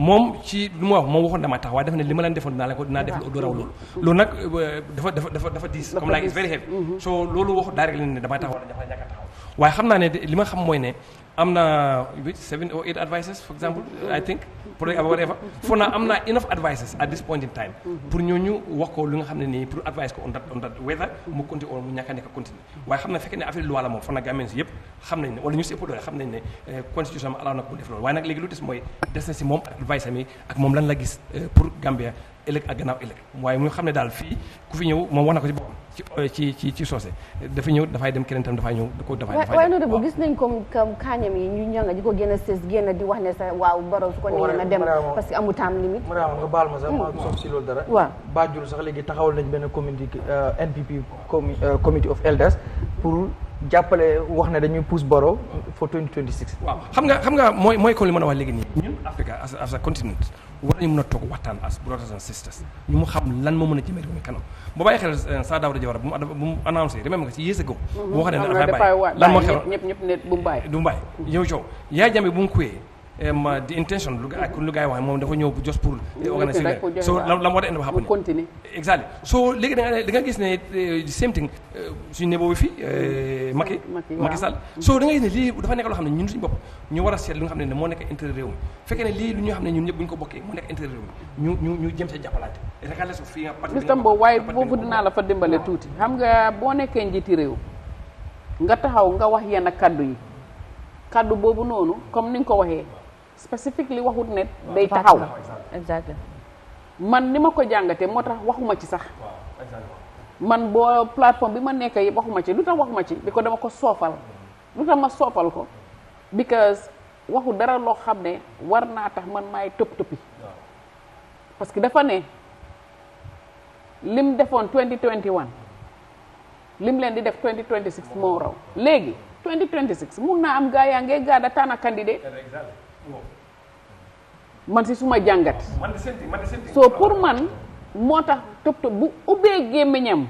moom ci lu ma wax moom waxoon dama tax waaye dafa ne li ma leen defoon dinaa ko dinaa def lu raw loolu loolu nag euh, dafa dafa dafa dafa diis comme like it's very heavy mm-hmm. so loolu wax daa rek ne damay taxaw wala waaye xam naa ne li ma xam mooy ne am na seven or eight advisors for example I think project whatever for now am na enough advisors at this point in time pour ñooñu wax ko lu nga xam ne pour advice ko on that on that whether mu continue or mu ñàkk a nekk continue waaye xam ne fekkee affaire loi la moom for na gameen si yëpp xam nañ ne wala ñu si ëpp doole xam nañ eh, constitution am alaaw na ko def loolu waaye nag léegi lu des mooy des na si moom advice am yi ak moom lan la gis eh, pour Gambia ëllëg ak gannaaw ëllëg waaye mu xam ne daal fii ku fi ñëw moom wax na ko ci boppam ci ci soose dafa ñëw dafay dem keneen tam dafay ñëw da ko dafay waaye noonu bu gis nañ comme comme yi ñu ñanga di ko génn sës génn di wax ne sa waaw borom su ko neexee na dem parce que amu temps limite mën a nga baal ma sax hmm. ma sof si loolu dara léegi taxawal nañ benn community euh, NPP committee euh, of elders pour jàppale wax ne dañuy pousse boro for 2026 waaw xam nga xam nga mooy mooy comme li mën a war nañu mën a toog waxtaan as brothers and sisters ñu mu xam lan moo mën a jëmee réew mi kanam boo bàyyi xel euh, sa Daouda Jawara bu mu annoncé remember nga si years ago boo xam ne dafay bàyyi lan moo ñëpp ñëpp ne bu mu bàyyi du mu bàyyi yow coow yaay jame bu mu kuyee um, the intention I couldn't moom dafa ñëw just pour organiser so lan war a end up happen continue exactly so léegi da nga da nga gis so da nga gis ne lii dafa loo xam ne ñun suñu bopp ñu war a seet lu nga xam ne ne moo nekk intérêt réew mi fekkee ne lii lu ñu xam ne ñun ñëpp bu ñu ko bokkee moo nekk intérêt réew mi ñu ñu ñu jëm sa jàppalaate rekale su fii nga parti boobu la fa dimbale tuuti xam nga boo nekkee njiiti réew nga taxaw nga wax yenn kaddu yi kaddu boobu noonu comme ni nga ko waxee specifically waxut ne day taxaw exactly man li ma ko jàngatee moo tax waxuma ci sax man boo plateforme bi ma nekk yëpp waxuma ci lu tax waxuma ci bi ko dama ko soofal lu tax ma soofal ko because waxu dara loo xam ne war naa tax man maay tëpp tëppi parce que dafa ne lim defoon 2021 lim leen di def 2026 moo raw léegi 2026 mun naa am gaa yaa ngee gaa da tànn a man si suma jàngat so pour man moo top tëb bu ubbee gémmiñam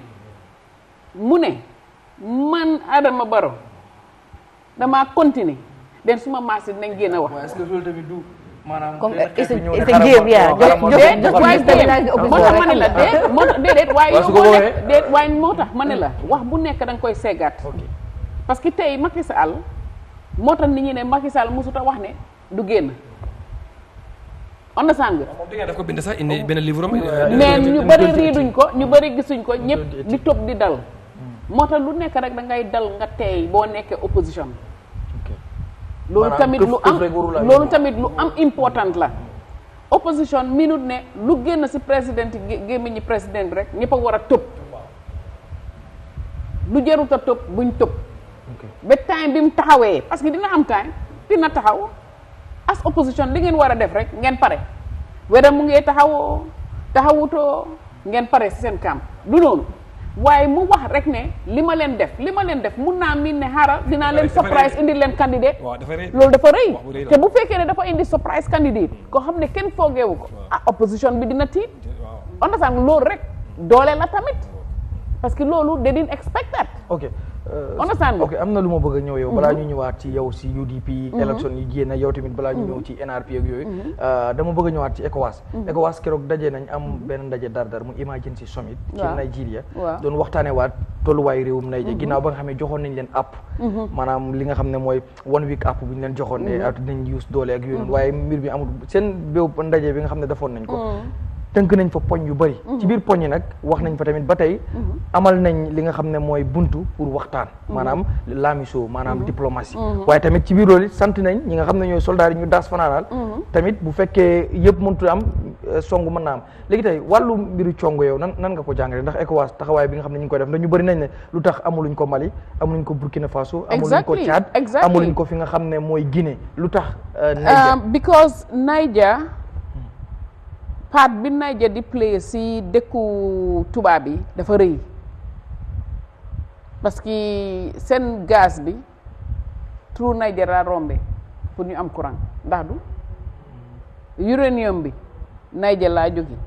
mu man adama baro dama continuer den suma maas dinañ génn wax est ce que loolu tamit du maanaam jox ma ne la déet moo tax déedéet waaye yow moo nekk déet waaye moo tax ma ne la wax bu nekk da nga koy seggaat parce que tey Macky Sall moo tax nit ñi ne ne du génn understand nga moom daf ko bind sax indi benn livre mais ñu bari riiduñ ko ñu bari gisuñ ko ñëpp di toog di dal hmm. moo tax lu nekk rek da ngay dal nga teey boo nekkee opposition loolu tamit lu am loolu tamit lu am important la opposition minute ne lu génn si président gémmiñi président rek ñëpp a war a tëb lu jarut a tëb buñ tëb ba time bi mu taxawee parce que dina am time dina taxaw as opposition li ngeen war a def rek ngeen pare weda mu ngee taxawoo taxawutoo ngeen pare si seen camp du noonu waaye mu wax rek ne li ma leen def li ma leen def mun naa miin ne xaaral dinaa leen surprise indi leen candidate loolu dafa rëy te bu fekkee ne dafa indi surprise candidate hmm. ko xam ne kenn foogeewu ko ah opposition bi dina tiit on loolu rek doole la tamit hmm. parce que loolu they didn't expect that ok understand euh, ok am na lu ma bëgg ñëw yow balaa mhm. ñu ñëwaat ci yow si UDP élection mhm. yi génn yow tamit balaa ñu mhm. ñëw ci NRP ak yooyu euh, dama bëgg a ñëwaat ci ECOWAS ECOWAS keroog daje nañ am benn ndaje dar dar mu emergency summit ci Nigeria doon waxtaane waat tolluwaay réewum Nigeria ginnaaw ba nga xam ne joxoon nañ leen app maanaam li nga xam ne mooy one week app bu ñu leen joxoon ne nañ use doole ak yooyu noonu waaye mbir bi amul seen béw ndaje bi nga xam ne defoon nañ ko tënk nañ fa poñ yu bëri. Mhm. ci biir poñ yi nag wax nañ fa tamit ba tey. Mhm. amal nañ li nga xam ne mooy buntu pour waxtaan. Mhm. maanaam lamiso maanaam diplomatie. waaye tamit ci biir loolu sant nañ ñi nga xam ne ñooy soldats yi ñu daas fanaanal tamit bu fekkee yëpp tu am euh, song man naa am léegi tey wàllu mbiru cong yow nan nan nga ko jàngalee ndax ECOWAS taxawaay bi nga xam ne ñu ngi koy def ndax ñu bëri nañ ne lu tax amuluñ ko Mali amuluñ ko Burkina Faso. amuluñ ko Tchad amuluñ ko fi nga xam ne mooy Guinée lu tax. Euh, Niger um, because Niger. part bi Niger di play si dëkku tubaab yi dafa rëy parce que seen gaz bi trou Niger la rombe pour ñu am courant ndax du uranium bi Niger laa jóge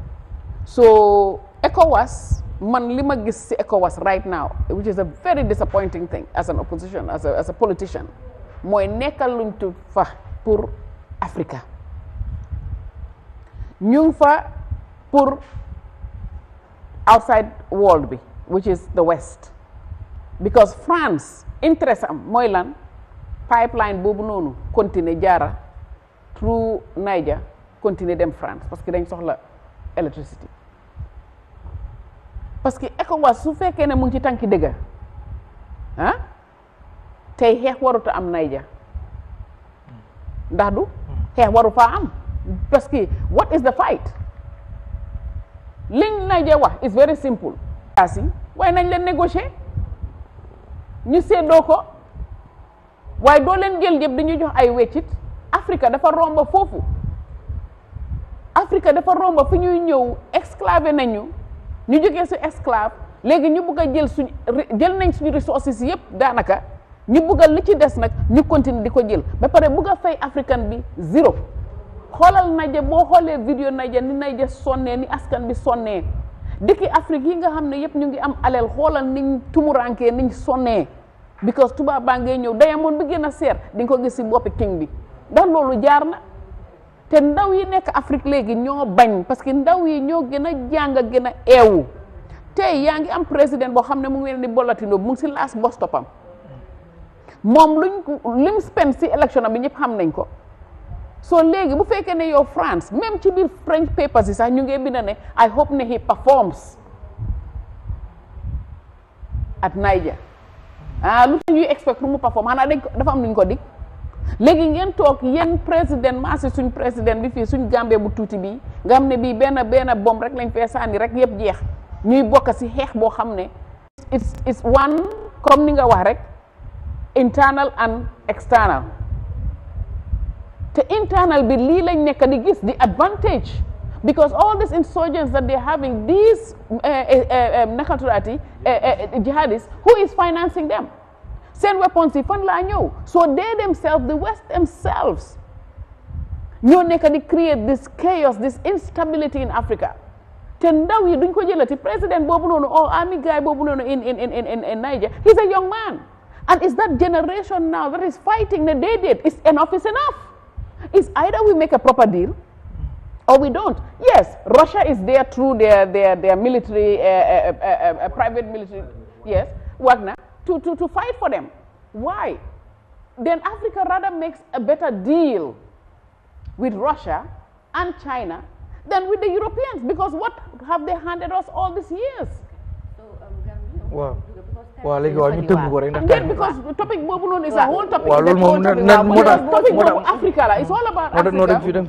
so ECOWAS man li ma gis si ECOWAS right now which is a very disappointing thing as an opposition as a as politician mooy nekkal luñ fa pour Africa ñu ngi fa pour outside world bi which is the west because France interest am mooy lan pipeline boobu noonu continue jara through Niger continue dem France parce que dañ soxla electricity parce que ECOWAS su fekkee ne mu ngi ci tànki dëgga ah tey xeex waruta am Niger ndax du hmm. xeex waru faa am parce que what is the fight liñ najee wax is very simple asi waaye nañ leen négocier ñu séddoo ko waaye doo leen jël yëpp dañuy jox ay weccit Afrique dafa romba foofu Afrique dafa romba fi ñuy ñëw esclavé nañu ñu jógee si esclave léegi ñu bugg a jël suñ jël nañ suñu ressources yëpp daanaka ñu bugg a li ci des nag ñu continue di ko jël ba pare bugg a african africain bi zéro xoolal Naija boo xoolee vidéo Naija ni Naija sonnee ni askan bi sonnee dëkki Afrique yi nga xam ne yëpp ñu ngi am alal xoolal niñ tumurankee niñ sonnee because tubaab baa ngee ñëw diamond bi gën a seer di nga ko gis si boppi king bi ndax loolu jaar na te ndaw yi nekk Afrique léegi ñoo bañ parce que ndaw yi ñoo gën a jàng gën a eewu te yaa ngi am président boo xam ne mu ngi leen di bollatino mu ngi si laas bostopam moom luñ lim spend si élection bi ñëpp xam nañ ko so léegi bu fekkee ne yow France même ci biir French papers yi sax ñu ngee bind ne I hope ne he performs at Niger ah lu te ñuy expect mu perform xanaa dañ ko dafa am nuñ ko dig léegi ngeen toog yéen président maasi suñ président bi fii suñ Gambie bu tuuti bii nga xam ne bii benn benn bomb rek lañ fee sànni rek yëpp jeex ñuy bokk si xeex boo xam ne it's it's one comme ni nga wax rek internal and external te internal bi lii lañ nekk di gis di advantage because all these insurgents that they're having these eh, eh, eh, naka tuddati jihadists who is financing them seen weapons yi fan laa ñëw so they themselves the west themselves ñoo nekk di create this chaos this instability in Africa te ndaw yi duñ ko jëlati président boobu noonu o army guy a young man and it's that generation now that is fighting ne they did it's enough is enough is either we make a proper deal or we don't. Yes, Russia is there through their, their, their military, uh uh uh, uh, uh, uh, private military, yes, Wagner, to, to, to fight for them. Why? Then Africa rather makes a better deal with Russia and China than with the Europeans because what have they handed us all these years? So, um, wow. waaw léegi waaw ñu tënk ko because topic boobu noonu is a whole topic. boobu Africa la it's all about Africa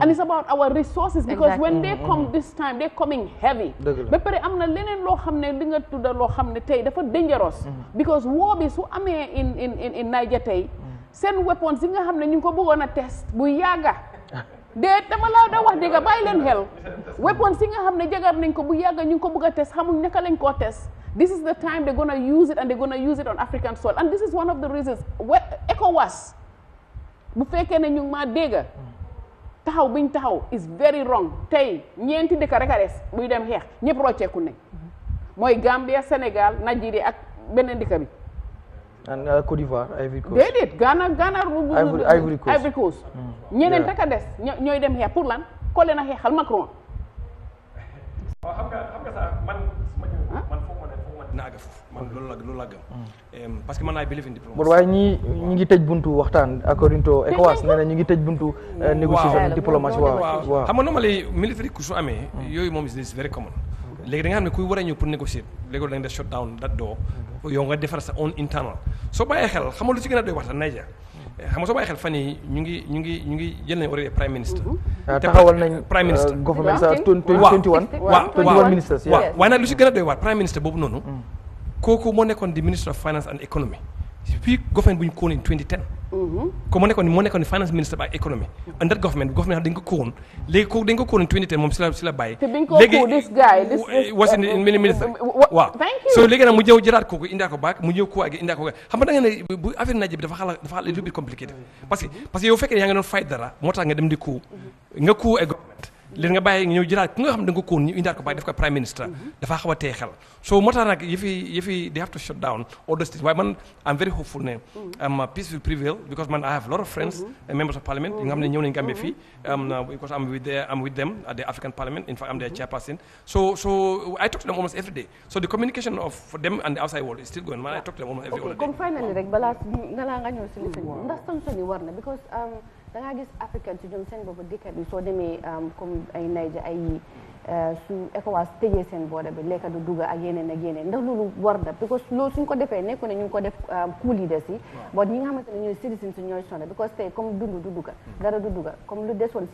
and it's about our resources because when they mm, mm, come mm. this time they coming heavy ba pare am na leneen loo xam ne li nga tudda loo xam ne tey dafa dangerous because war bi su amee in in in Niger tey seen weapons yi nga xam ne ñu ngi ko bëggoon a test bu yàgga déet dama laa da wax di nga bàyyi leen xel weapons yi nga xam ne jagar nañ ko bu yàgg ñu ngi ko bëgg a test xamuñ naka lañ koo tes this is the time they're gonna use it and they're gonna use it on African soil and this is one of the reasons ECOWAS bu fekkee ne ñu ma maa taxaw biñ taxaw is very wrong tey ñeenti dëkk rek a des buy dem xeex ñëpp rocceeku nañ mooy Gambia Sénégal Nigeria ak beneen dëkk bi an uh, Côte d'Ivoire Ivory Coast. déedéet Ghana Ghana. Ivory Coast hmm. ñeneen rek a ñooy dem xeex pour lan koo xam nga xam nga sax man. man foofu ma loolu la loolu la gëm. Hmm. parce I believe in diplomacy. waaye ñii ñu ngi tëj buntu waxtaan according to ECOWAS nee na ñu ngi tëj buntu. Euh, négociation diplomatie waaw waaw xam nga normally military coup su amee. Hmm. yooyu moom is very common. léegi danga nga xam ne kuy war a ñëw pour négocier léegi da nga def shut down dat doo yow nga defar sa own internal soo bàyyee xel xam nga lu ci gën a doy wax sax Niger xam nga soo bàyyi xel fan yi ñu ngi ñu ngi ñu ngi jël nañ already prime mm-hmm. ah, nañ prime uh, minister government sa 21 waaw 21 ministers waaw lu ci gën a doy waar prime minister boobu noonu mm. kooku moo nekkoon di ministre of finance and economy fii government bu ñu kóoloon 2010. comme moo nekkoon moo nekkoon finance minister by economy and that government government dañ ko kóoloon léegi kooku dañ ko kóoloon kooku indaa ko baak mu koo ak indaa ko xam nga da ne bu affaire naaj bi dafa xala dafa xala little bit compliqué parce que yaa ngi doon fay dara moo tax nga dem di koo mm-hmm. nga koo ay government leen nga bàyyi nga ñëw ku nga xam da nga ko ñu indaat ko bàyyi def ko prime Minister, mm-hmm. dafaa xaw a tee xel so moo tax nag yëfi they have to shut down all the states waaye man am very hopeful ne am mm-hmm. um, peace will prevail because man I have a lot of friends and mm-hmm. uh, members of parliament yi nga xam ne ñëw nañu Gambie fii um, uh, because I'm with their, I'm with them at the African parliament in fact I'm their chairperson so so I talk to them almost every day so the communication of them and the outside world is still going man I talk to them almost every other day. comme finally rek balaa nga ñëw si ndax war na because um, da gis africain si ñoom seen boobu dëkk bi soo demee um, comme ay Niger ay yi uh, su ECOWAS tëjee seen border bi lekka du dugga ak yeneen ak yeneen ndax loolu war na because loolu suñ ko defee nekku ne ñu ngi ko def um, coup leaders yi but ñi nga xamante ne ñooy citizen comme dund du hmm.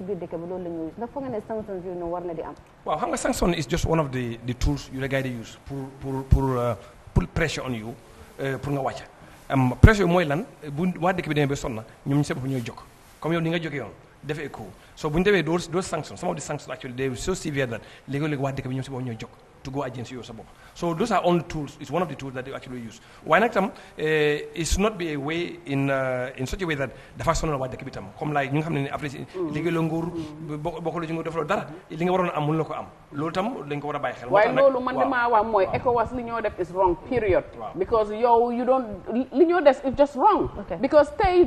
biir dëkk bi loolu la ñuy use ndax foog nga ne sanctions yooyu noonu war na di am waaw xam nga sanction is just one of the tools you the guy use pour pour pour uh, pour pressure on you uh, pour nga wàcca um, pressure mooy lan bu waa dëkk bi demee ba sonna ñoom ñu seen bopp ñooy jokk comme yow ni nga jóge yoon defee ko so bu ñu defee those those sanctions some of the sanctions actually they were so severe that léegi-léegi waa dëkk bi ñoom si boobu ñooy jóg to go against your suburb. So those are all tools. It's one of the tools that they actually use. Why not? Uh, it's not be a way in uh, in such a way that the first one about the kibitam. Come like you have any application. Lige longur bokolo jingo deflo dara. Linga waron amul loko am. Loltam linga wara bay xel. Why lolu man dama wa moy ECOWAS li ñoo def is wrong period. Wow. Because yow you don't li ñoo def is just wrong. Okay. Because tay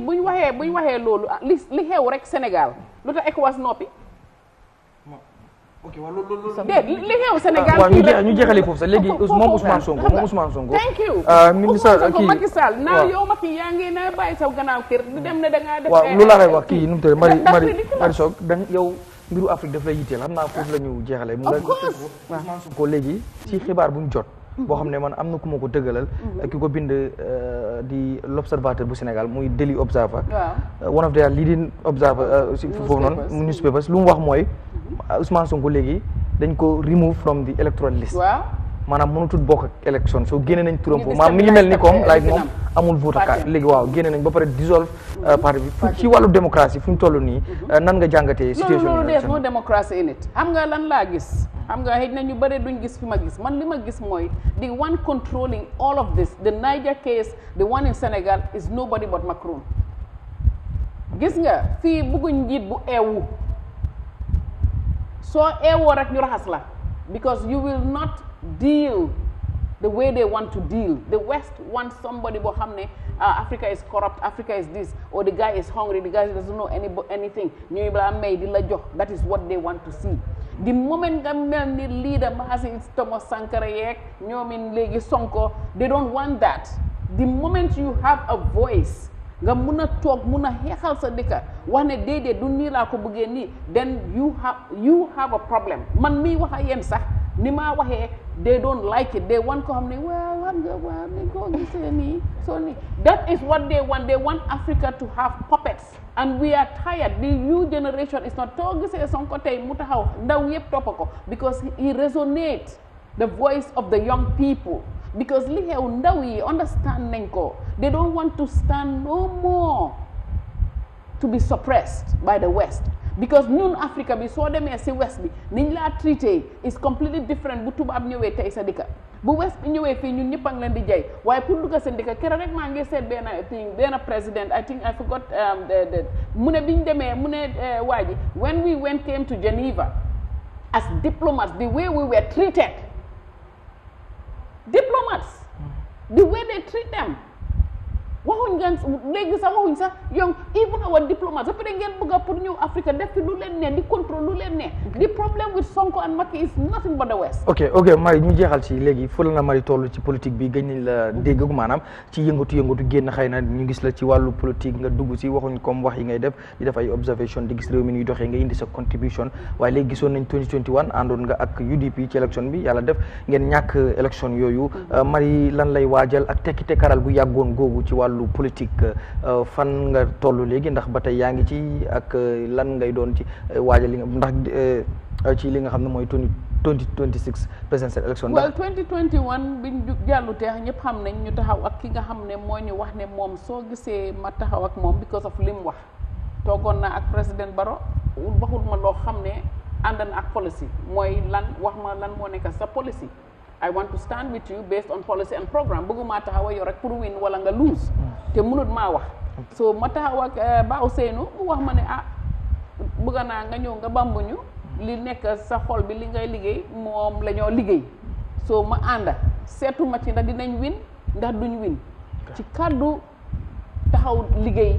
ok waaw loolu loolu. déet li xew Sénégal waaw ñu ñu jeexale foofu sax léegi moom Ousmane Sonko moom Ousmane Sonko. thank you ah, ministre kii Macky Sall naa yow Macky yaa ngi na bàyyi saw gannaaw kër di dem ne da ngaa def. waaw loolu laa lay wax kii nu mu tëddee Marie Marie Marie Sock da yow mbiru Afrique daf lay yitteel xam naa foofu la ñu jeexale. mu la Ousmane Sonko léegi ci xibaar bu ñu jot. boo xam ne man am na ku ma ko dëggalal mhm. ki ko bind euh, di l'observateur bu Sénégal muy Daily Observer euh, one of their uh, leading observer euh, foofu noonu newspapers lu mu wax mooy mhm. Ousmane Sonko léegi dañ ko remove from the electoral list maanaam mënutut bokk ak élection soo génne nañ turam foofu maanaam mi ngi mel ni comme like moom amul vote card léegi waaw génne nañ ba pare dissolve euh, parti bi ci wàllu démocratie fu ñu toll nii mhm. euh, nan nga jàngatee si loolu def no démocratie in it xam nga lan laa gis xam nga xëy na ñu bëri ñu gis fi ma gis man li ma gis mooy the wan controlling all of this the Niger case the one in Senegal is nobody but Macron gis nga fii bëgguñ njiit bu eewu soo eewoo rek ñu raxas la because deal the way they want to deal the west wants somebody boo xam ne ah, Africa is corrupt Africa is this or the guy is hungry the guy doesn't know anything ñuy balaa may di la jox that is what they want to see the moment nga mel ni leader Mahasi Thomas Sankara yeeg ñoomin léegi Sonko they don't want that the moment you have a voice nga mun a toog mun a xeexal sa dëkka wax ne déedéet du nii laa ko bëggee nii then you have you a problem man mii wax a yéen sax ni waxee they don't like it they want ko xam ne waaw xam nga waaw ni so nii that is what they want they want Africa to have puppets and we are tired the new generation is not too Sonko tey mu taxaw ndaw yëpp toppa ko because he resonates the voice of the young people because li xew ndaw yi understand nañ ko they don't want to stand no more to be suppressed by the West because ñun Afrique bi soo demee si west bi niñ laa traité is completely different bu tubaab ñëwee tey sa dëkka bu west bi ñëwee fii ñun ñëpp a ngi leen di jay waaye pour dugga seen dëkka keroog rek maa ngi seet benn thing benn président I think I forgot um, mu ne bi demee mu ne eh, waa ji when we went came to Geneva as diplomats the way we were treated diplomats the way they treat them waxuñ ngeen léegi sax waxuñ sax yow even our diplomats ba pare ngeen bëgg pour ñëw Afrique def fi lu leen ne di contrôle lu leen ne the problem with Sonko and Macky is nothing but the West ok ok Marie ñu jeexal ci léegi fu la nga Marie toll ci politique bi gëj nañ la dégg ak maanaam ci yëngatu yëngatu génn xëy na ñu gis la ci wàllu politique nga dugg si waxuñ comme wax yi ngay def di def ay observation di gis réew mi ñuy doxee nga indi sa contribution waaye léegi gisoon nañ 2021 àndoon nga ak UDP ci élection bi yàlla def ngeen ñàkk élection yooyu mm-hmm. euh, Marie lan lay waajal ak tekki tekaral bu yàggoon googu ci wàllu wàllu politique euh, fan nga toll léegi ndax ba tey yaa ngi ci ak euh, lan ngay doon ci euh, waajal li nga ndax ci li nga xam ne mooy toni 2026 presidential election. waaw 2021 biñ jug jàllu teex ñëpp xam nañ ñu taxaw ak ki nga xam ne moo ñu wax ne moom soo gisee ma taxaw ak moom because of li mu wax toogoon naa ak président Baro waxul ma loo xam ne ànd ak policy mooy lan wax ma lan moo nekk sa policy. I want to stand with you based on policy and programme bëgguma taxaw a yor rek pour win wala nga lose te mënut maa wax so ma baaw eh, seenu wax ma ne ah bëgg naa nga ñëw nga bambuñu li nekk sa xol bi li ngay liggéey moom la liggéey so ma ànda seetu ma ci dinañ win ndax duñ win ci kàddu taxaw liggéey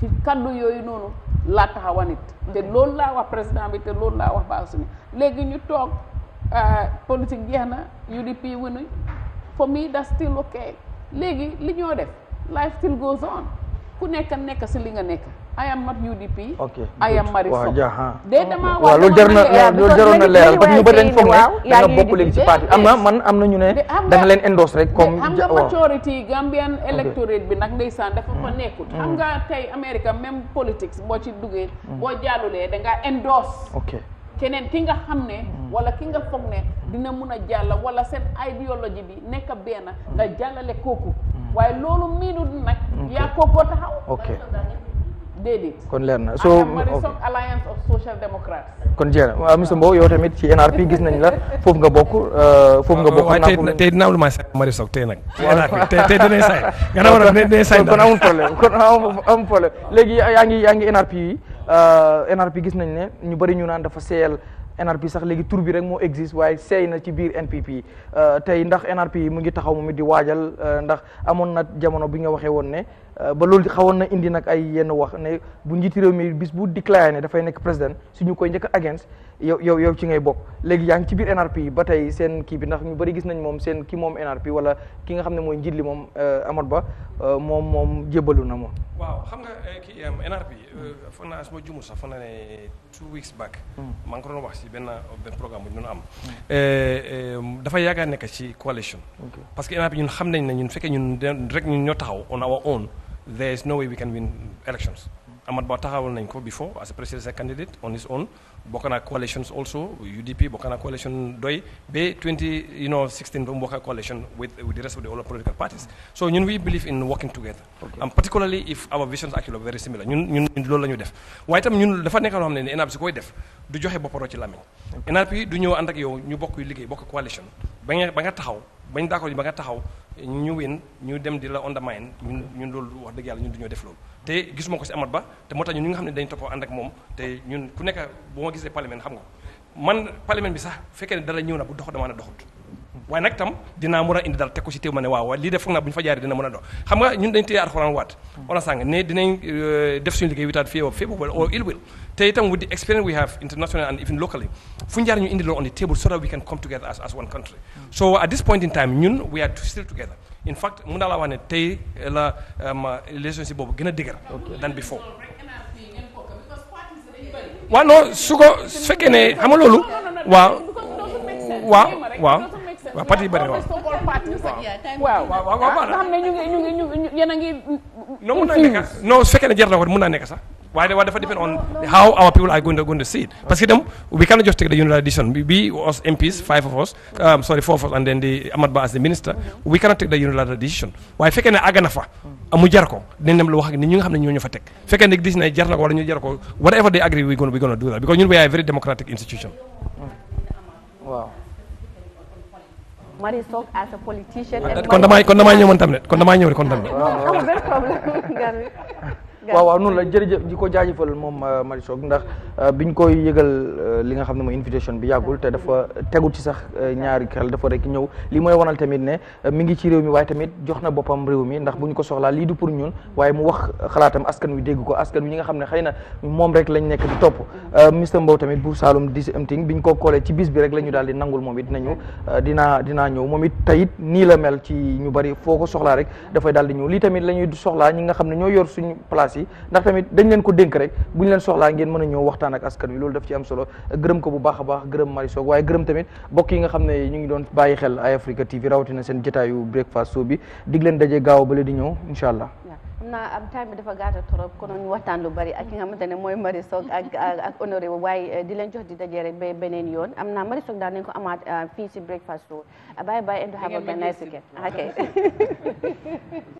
ci kàddu yooyu noonu laa taxawa nit te loolu laa wax président bi te loolu laa wax baaw suñu léegi ñu toog Euh, politique jeex na UDP winu for me that's still okay léegi li ñoo def life still goes on ku nekk nekk si li nga nekk I am not UDP. ok I am Marie Sock. de damaa waaw loolu jar na loolu jaroon na leeral parce que ñu bëri leen foog ne da nga bokk léegi ci parti am na man am na ñu ne da nga leen endorse rek comme am nga majority Gambian electorate bi nag ndeysaan dafa fa mm. nekkut xam mm. nga tey America même politics boo ci duggee mm. boo jàllulee da ngaa endorse keneen ki nga xam ne hmm. wala ki nga foog ne dina mun a jàll wala seen idéologie bi nekk benn hmm. nga jàllale kooku hmm. waaye loolu miinu nag yaa kookoo taxaw ok déedéet kon leer na so alliance of social democrats kon jeex na monsieur Mbow yow tamit ci NRP gis nañ la foofu nga bokk euh, foofu nga bokk waaye tey dinaa am lu may say Marisol tey nag ci NRP tey tey danay say nga war a danay say kon amul problème kon amul problème léegi yaa ngi yaa ngi NRP yi Euh, NRP gis nañ ne ñu bëri ñu naan dafa seeyal NRP sax léegi tur rek moo existe waaye seey na ci biir NPP euh, tey ndax NRP mu ngi taxaw moom it di waajal euh, ndax amoon na jamono bi nga waxee woon ne Euh, ba loolu xawoon na indi nag ay yenn wax ne bu njiiti réew mi bis bu déclaré ne dafay nekk président su ñu koy njëkk a against yow yow yow ci ngay bokk léegi yaa ngi ci biir NRP ba tey seen kii bi ndax ñu bëri gis nañ moom seen ki moom NRP wala ki nga xam ne mooy njiit li moom euh, amat Ba euh, moom moom jébbalu na moom. waaw xam nga kii NRP. foog naa su jumu sax foog naa ne two weeks back. Hmm. maa ngi ko doon wax si benn programme bu ñun doon am. Hmm. dafa yaakaar nekk ci coalition. parce que NRP ñun xam nañ ne ñun fekkee ñun rek ñun ñoo taxaw on there is no way we can win elections. Ahmad Ba won nañ ko before as a presidential candidate on his own Bokana coalitions also UDP Bokana coalition doi ba 20 you know 16 ba coalition with with the rest of the other political parties so ñun we believe in working together and um, particularly if our visions actually are very similar ñun ñun loolu la ñu def waaye itam ñun dafa nekk loo xam ne ne ENAP si koy def du joxe bopparoo ci làmmiñ ENAP yi du ñëw ànd you yow ñu bokk liggéey coalition ba nga ba nga taxaw bañ d'accord ñu win ñu dem di la undermine ñun ñun loolu wax dëgg yàlla ñu duñoo def loolu te gisuma ko si Amat Ba te moo tax ñu ñi nga xam ne dañu toppoo ànd ak moom te ñun ku nekk boo ma gisee parlement xam nga man parlement bi sax fekkee ne dara ñëw na bu dox dama na doxut waaye nag tam dinaa mën a indi dal teg ko ci téew ma ne waaw lii def foog naa bu fa jaaree dina mën a dox xam nga ñun dañ téye alxuraan waat ona sàng ne dinañ def suñu liggéey without fear or ill will te itam with the experience we have internationally and even locally fu ñu jaar ñu indi loo on the table so that we can come together as, as one country so at this point in time ñun we are still together in fact mun naa laa wax ne tey la relationship gën a dëgër than before waaw non su ko su fekkee ne xam nga loolu waaw waaw waaw waaw parti yu bëri waaw waaw xam ne ñu ngi ñu ngi ñu yéen a ngi. non mun fekkee ne jar na ko mun naa nekk sax waaye de waaye depend on how our people are going to, going parce que dem we cannot just take the unilateral decision we us MPs five of us um, sorry four of us and cannot take the unilateral decision waaye fekkee ne àgg na fa mu jar ko dinañ dem lu wax ak nit xam ne ñoo ñu fa teg fekkee ne gis na jar na ko wala ñu jar whatever they agree we gonna we that because ñun we are very democratic Marie Sock as a politician. kon damaa kon damaa ñëwoon tamit kon damaa ñëw rek kon tamit. amul benn problème waaw waaw noonu la jërëjëf di ko jaajëfal moom euh, Marie Sock ndax euh, ñu koy yëgal euh, li nga xam ne mooy invitation bi yàggul te dafa tegu ci sax ñaari xel dafa rek ñëw li mooy wanal tamit ne mi ngi ci réew mi waaye tamit jox na boppam réew mi ndax bu ñu ko soxlaa lii pour ñun waaye mu wax xalaatam askan wi dégg ko askan wi ñi nga xam ne xëy na moom rek lañ nekk topp Mister Mbow tamit bu Saloum di amting biñ ko koolee ci bis bi rek la ñu daal di nangul moom it dinañu dinaa dinaa ñëw moom it tayit nii la mel ci ñu bari foo ko rek dafay daal di ñëw lii tamit la ñuy soxlaa ñi nga xam ne ñoo yor suñu place yi yi ndax tamit dañ leen ko dénk rek bu ñu leen soxlaa ngeen mën a ñëw waxtaan ak askan wi loolu daf ci am solo gërëm ko bu baax a baax gërëm Marie Sock waaye gërëm tamit bokk yi nga xam ne ñu ngi doon bàyyi xel Eye Africa TV rawatina seen jotaayu breakfast show bi dig daje gaaw ba le di ñëw incha allah xam naa am time bi dafa gàtta trop kon ñu waxtaan lu bari ak ki nga xamante ne mooy Marie Sock ak ak honoré waaye eh, di leen jox di rek beneen yoon am na Marie Sock daal nañ ko amaat eh, a nice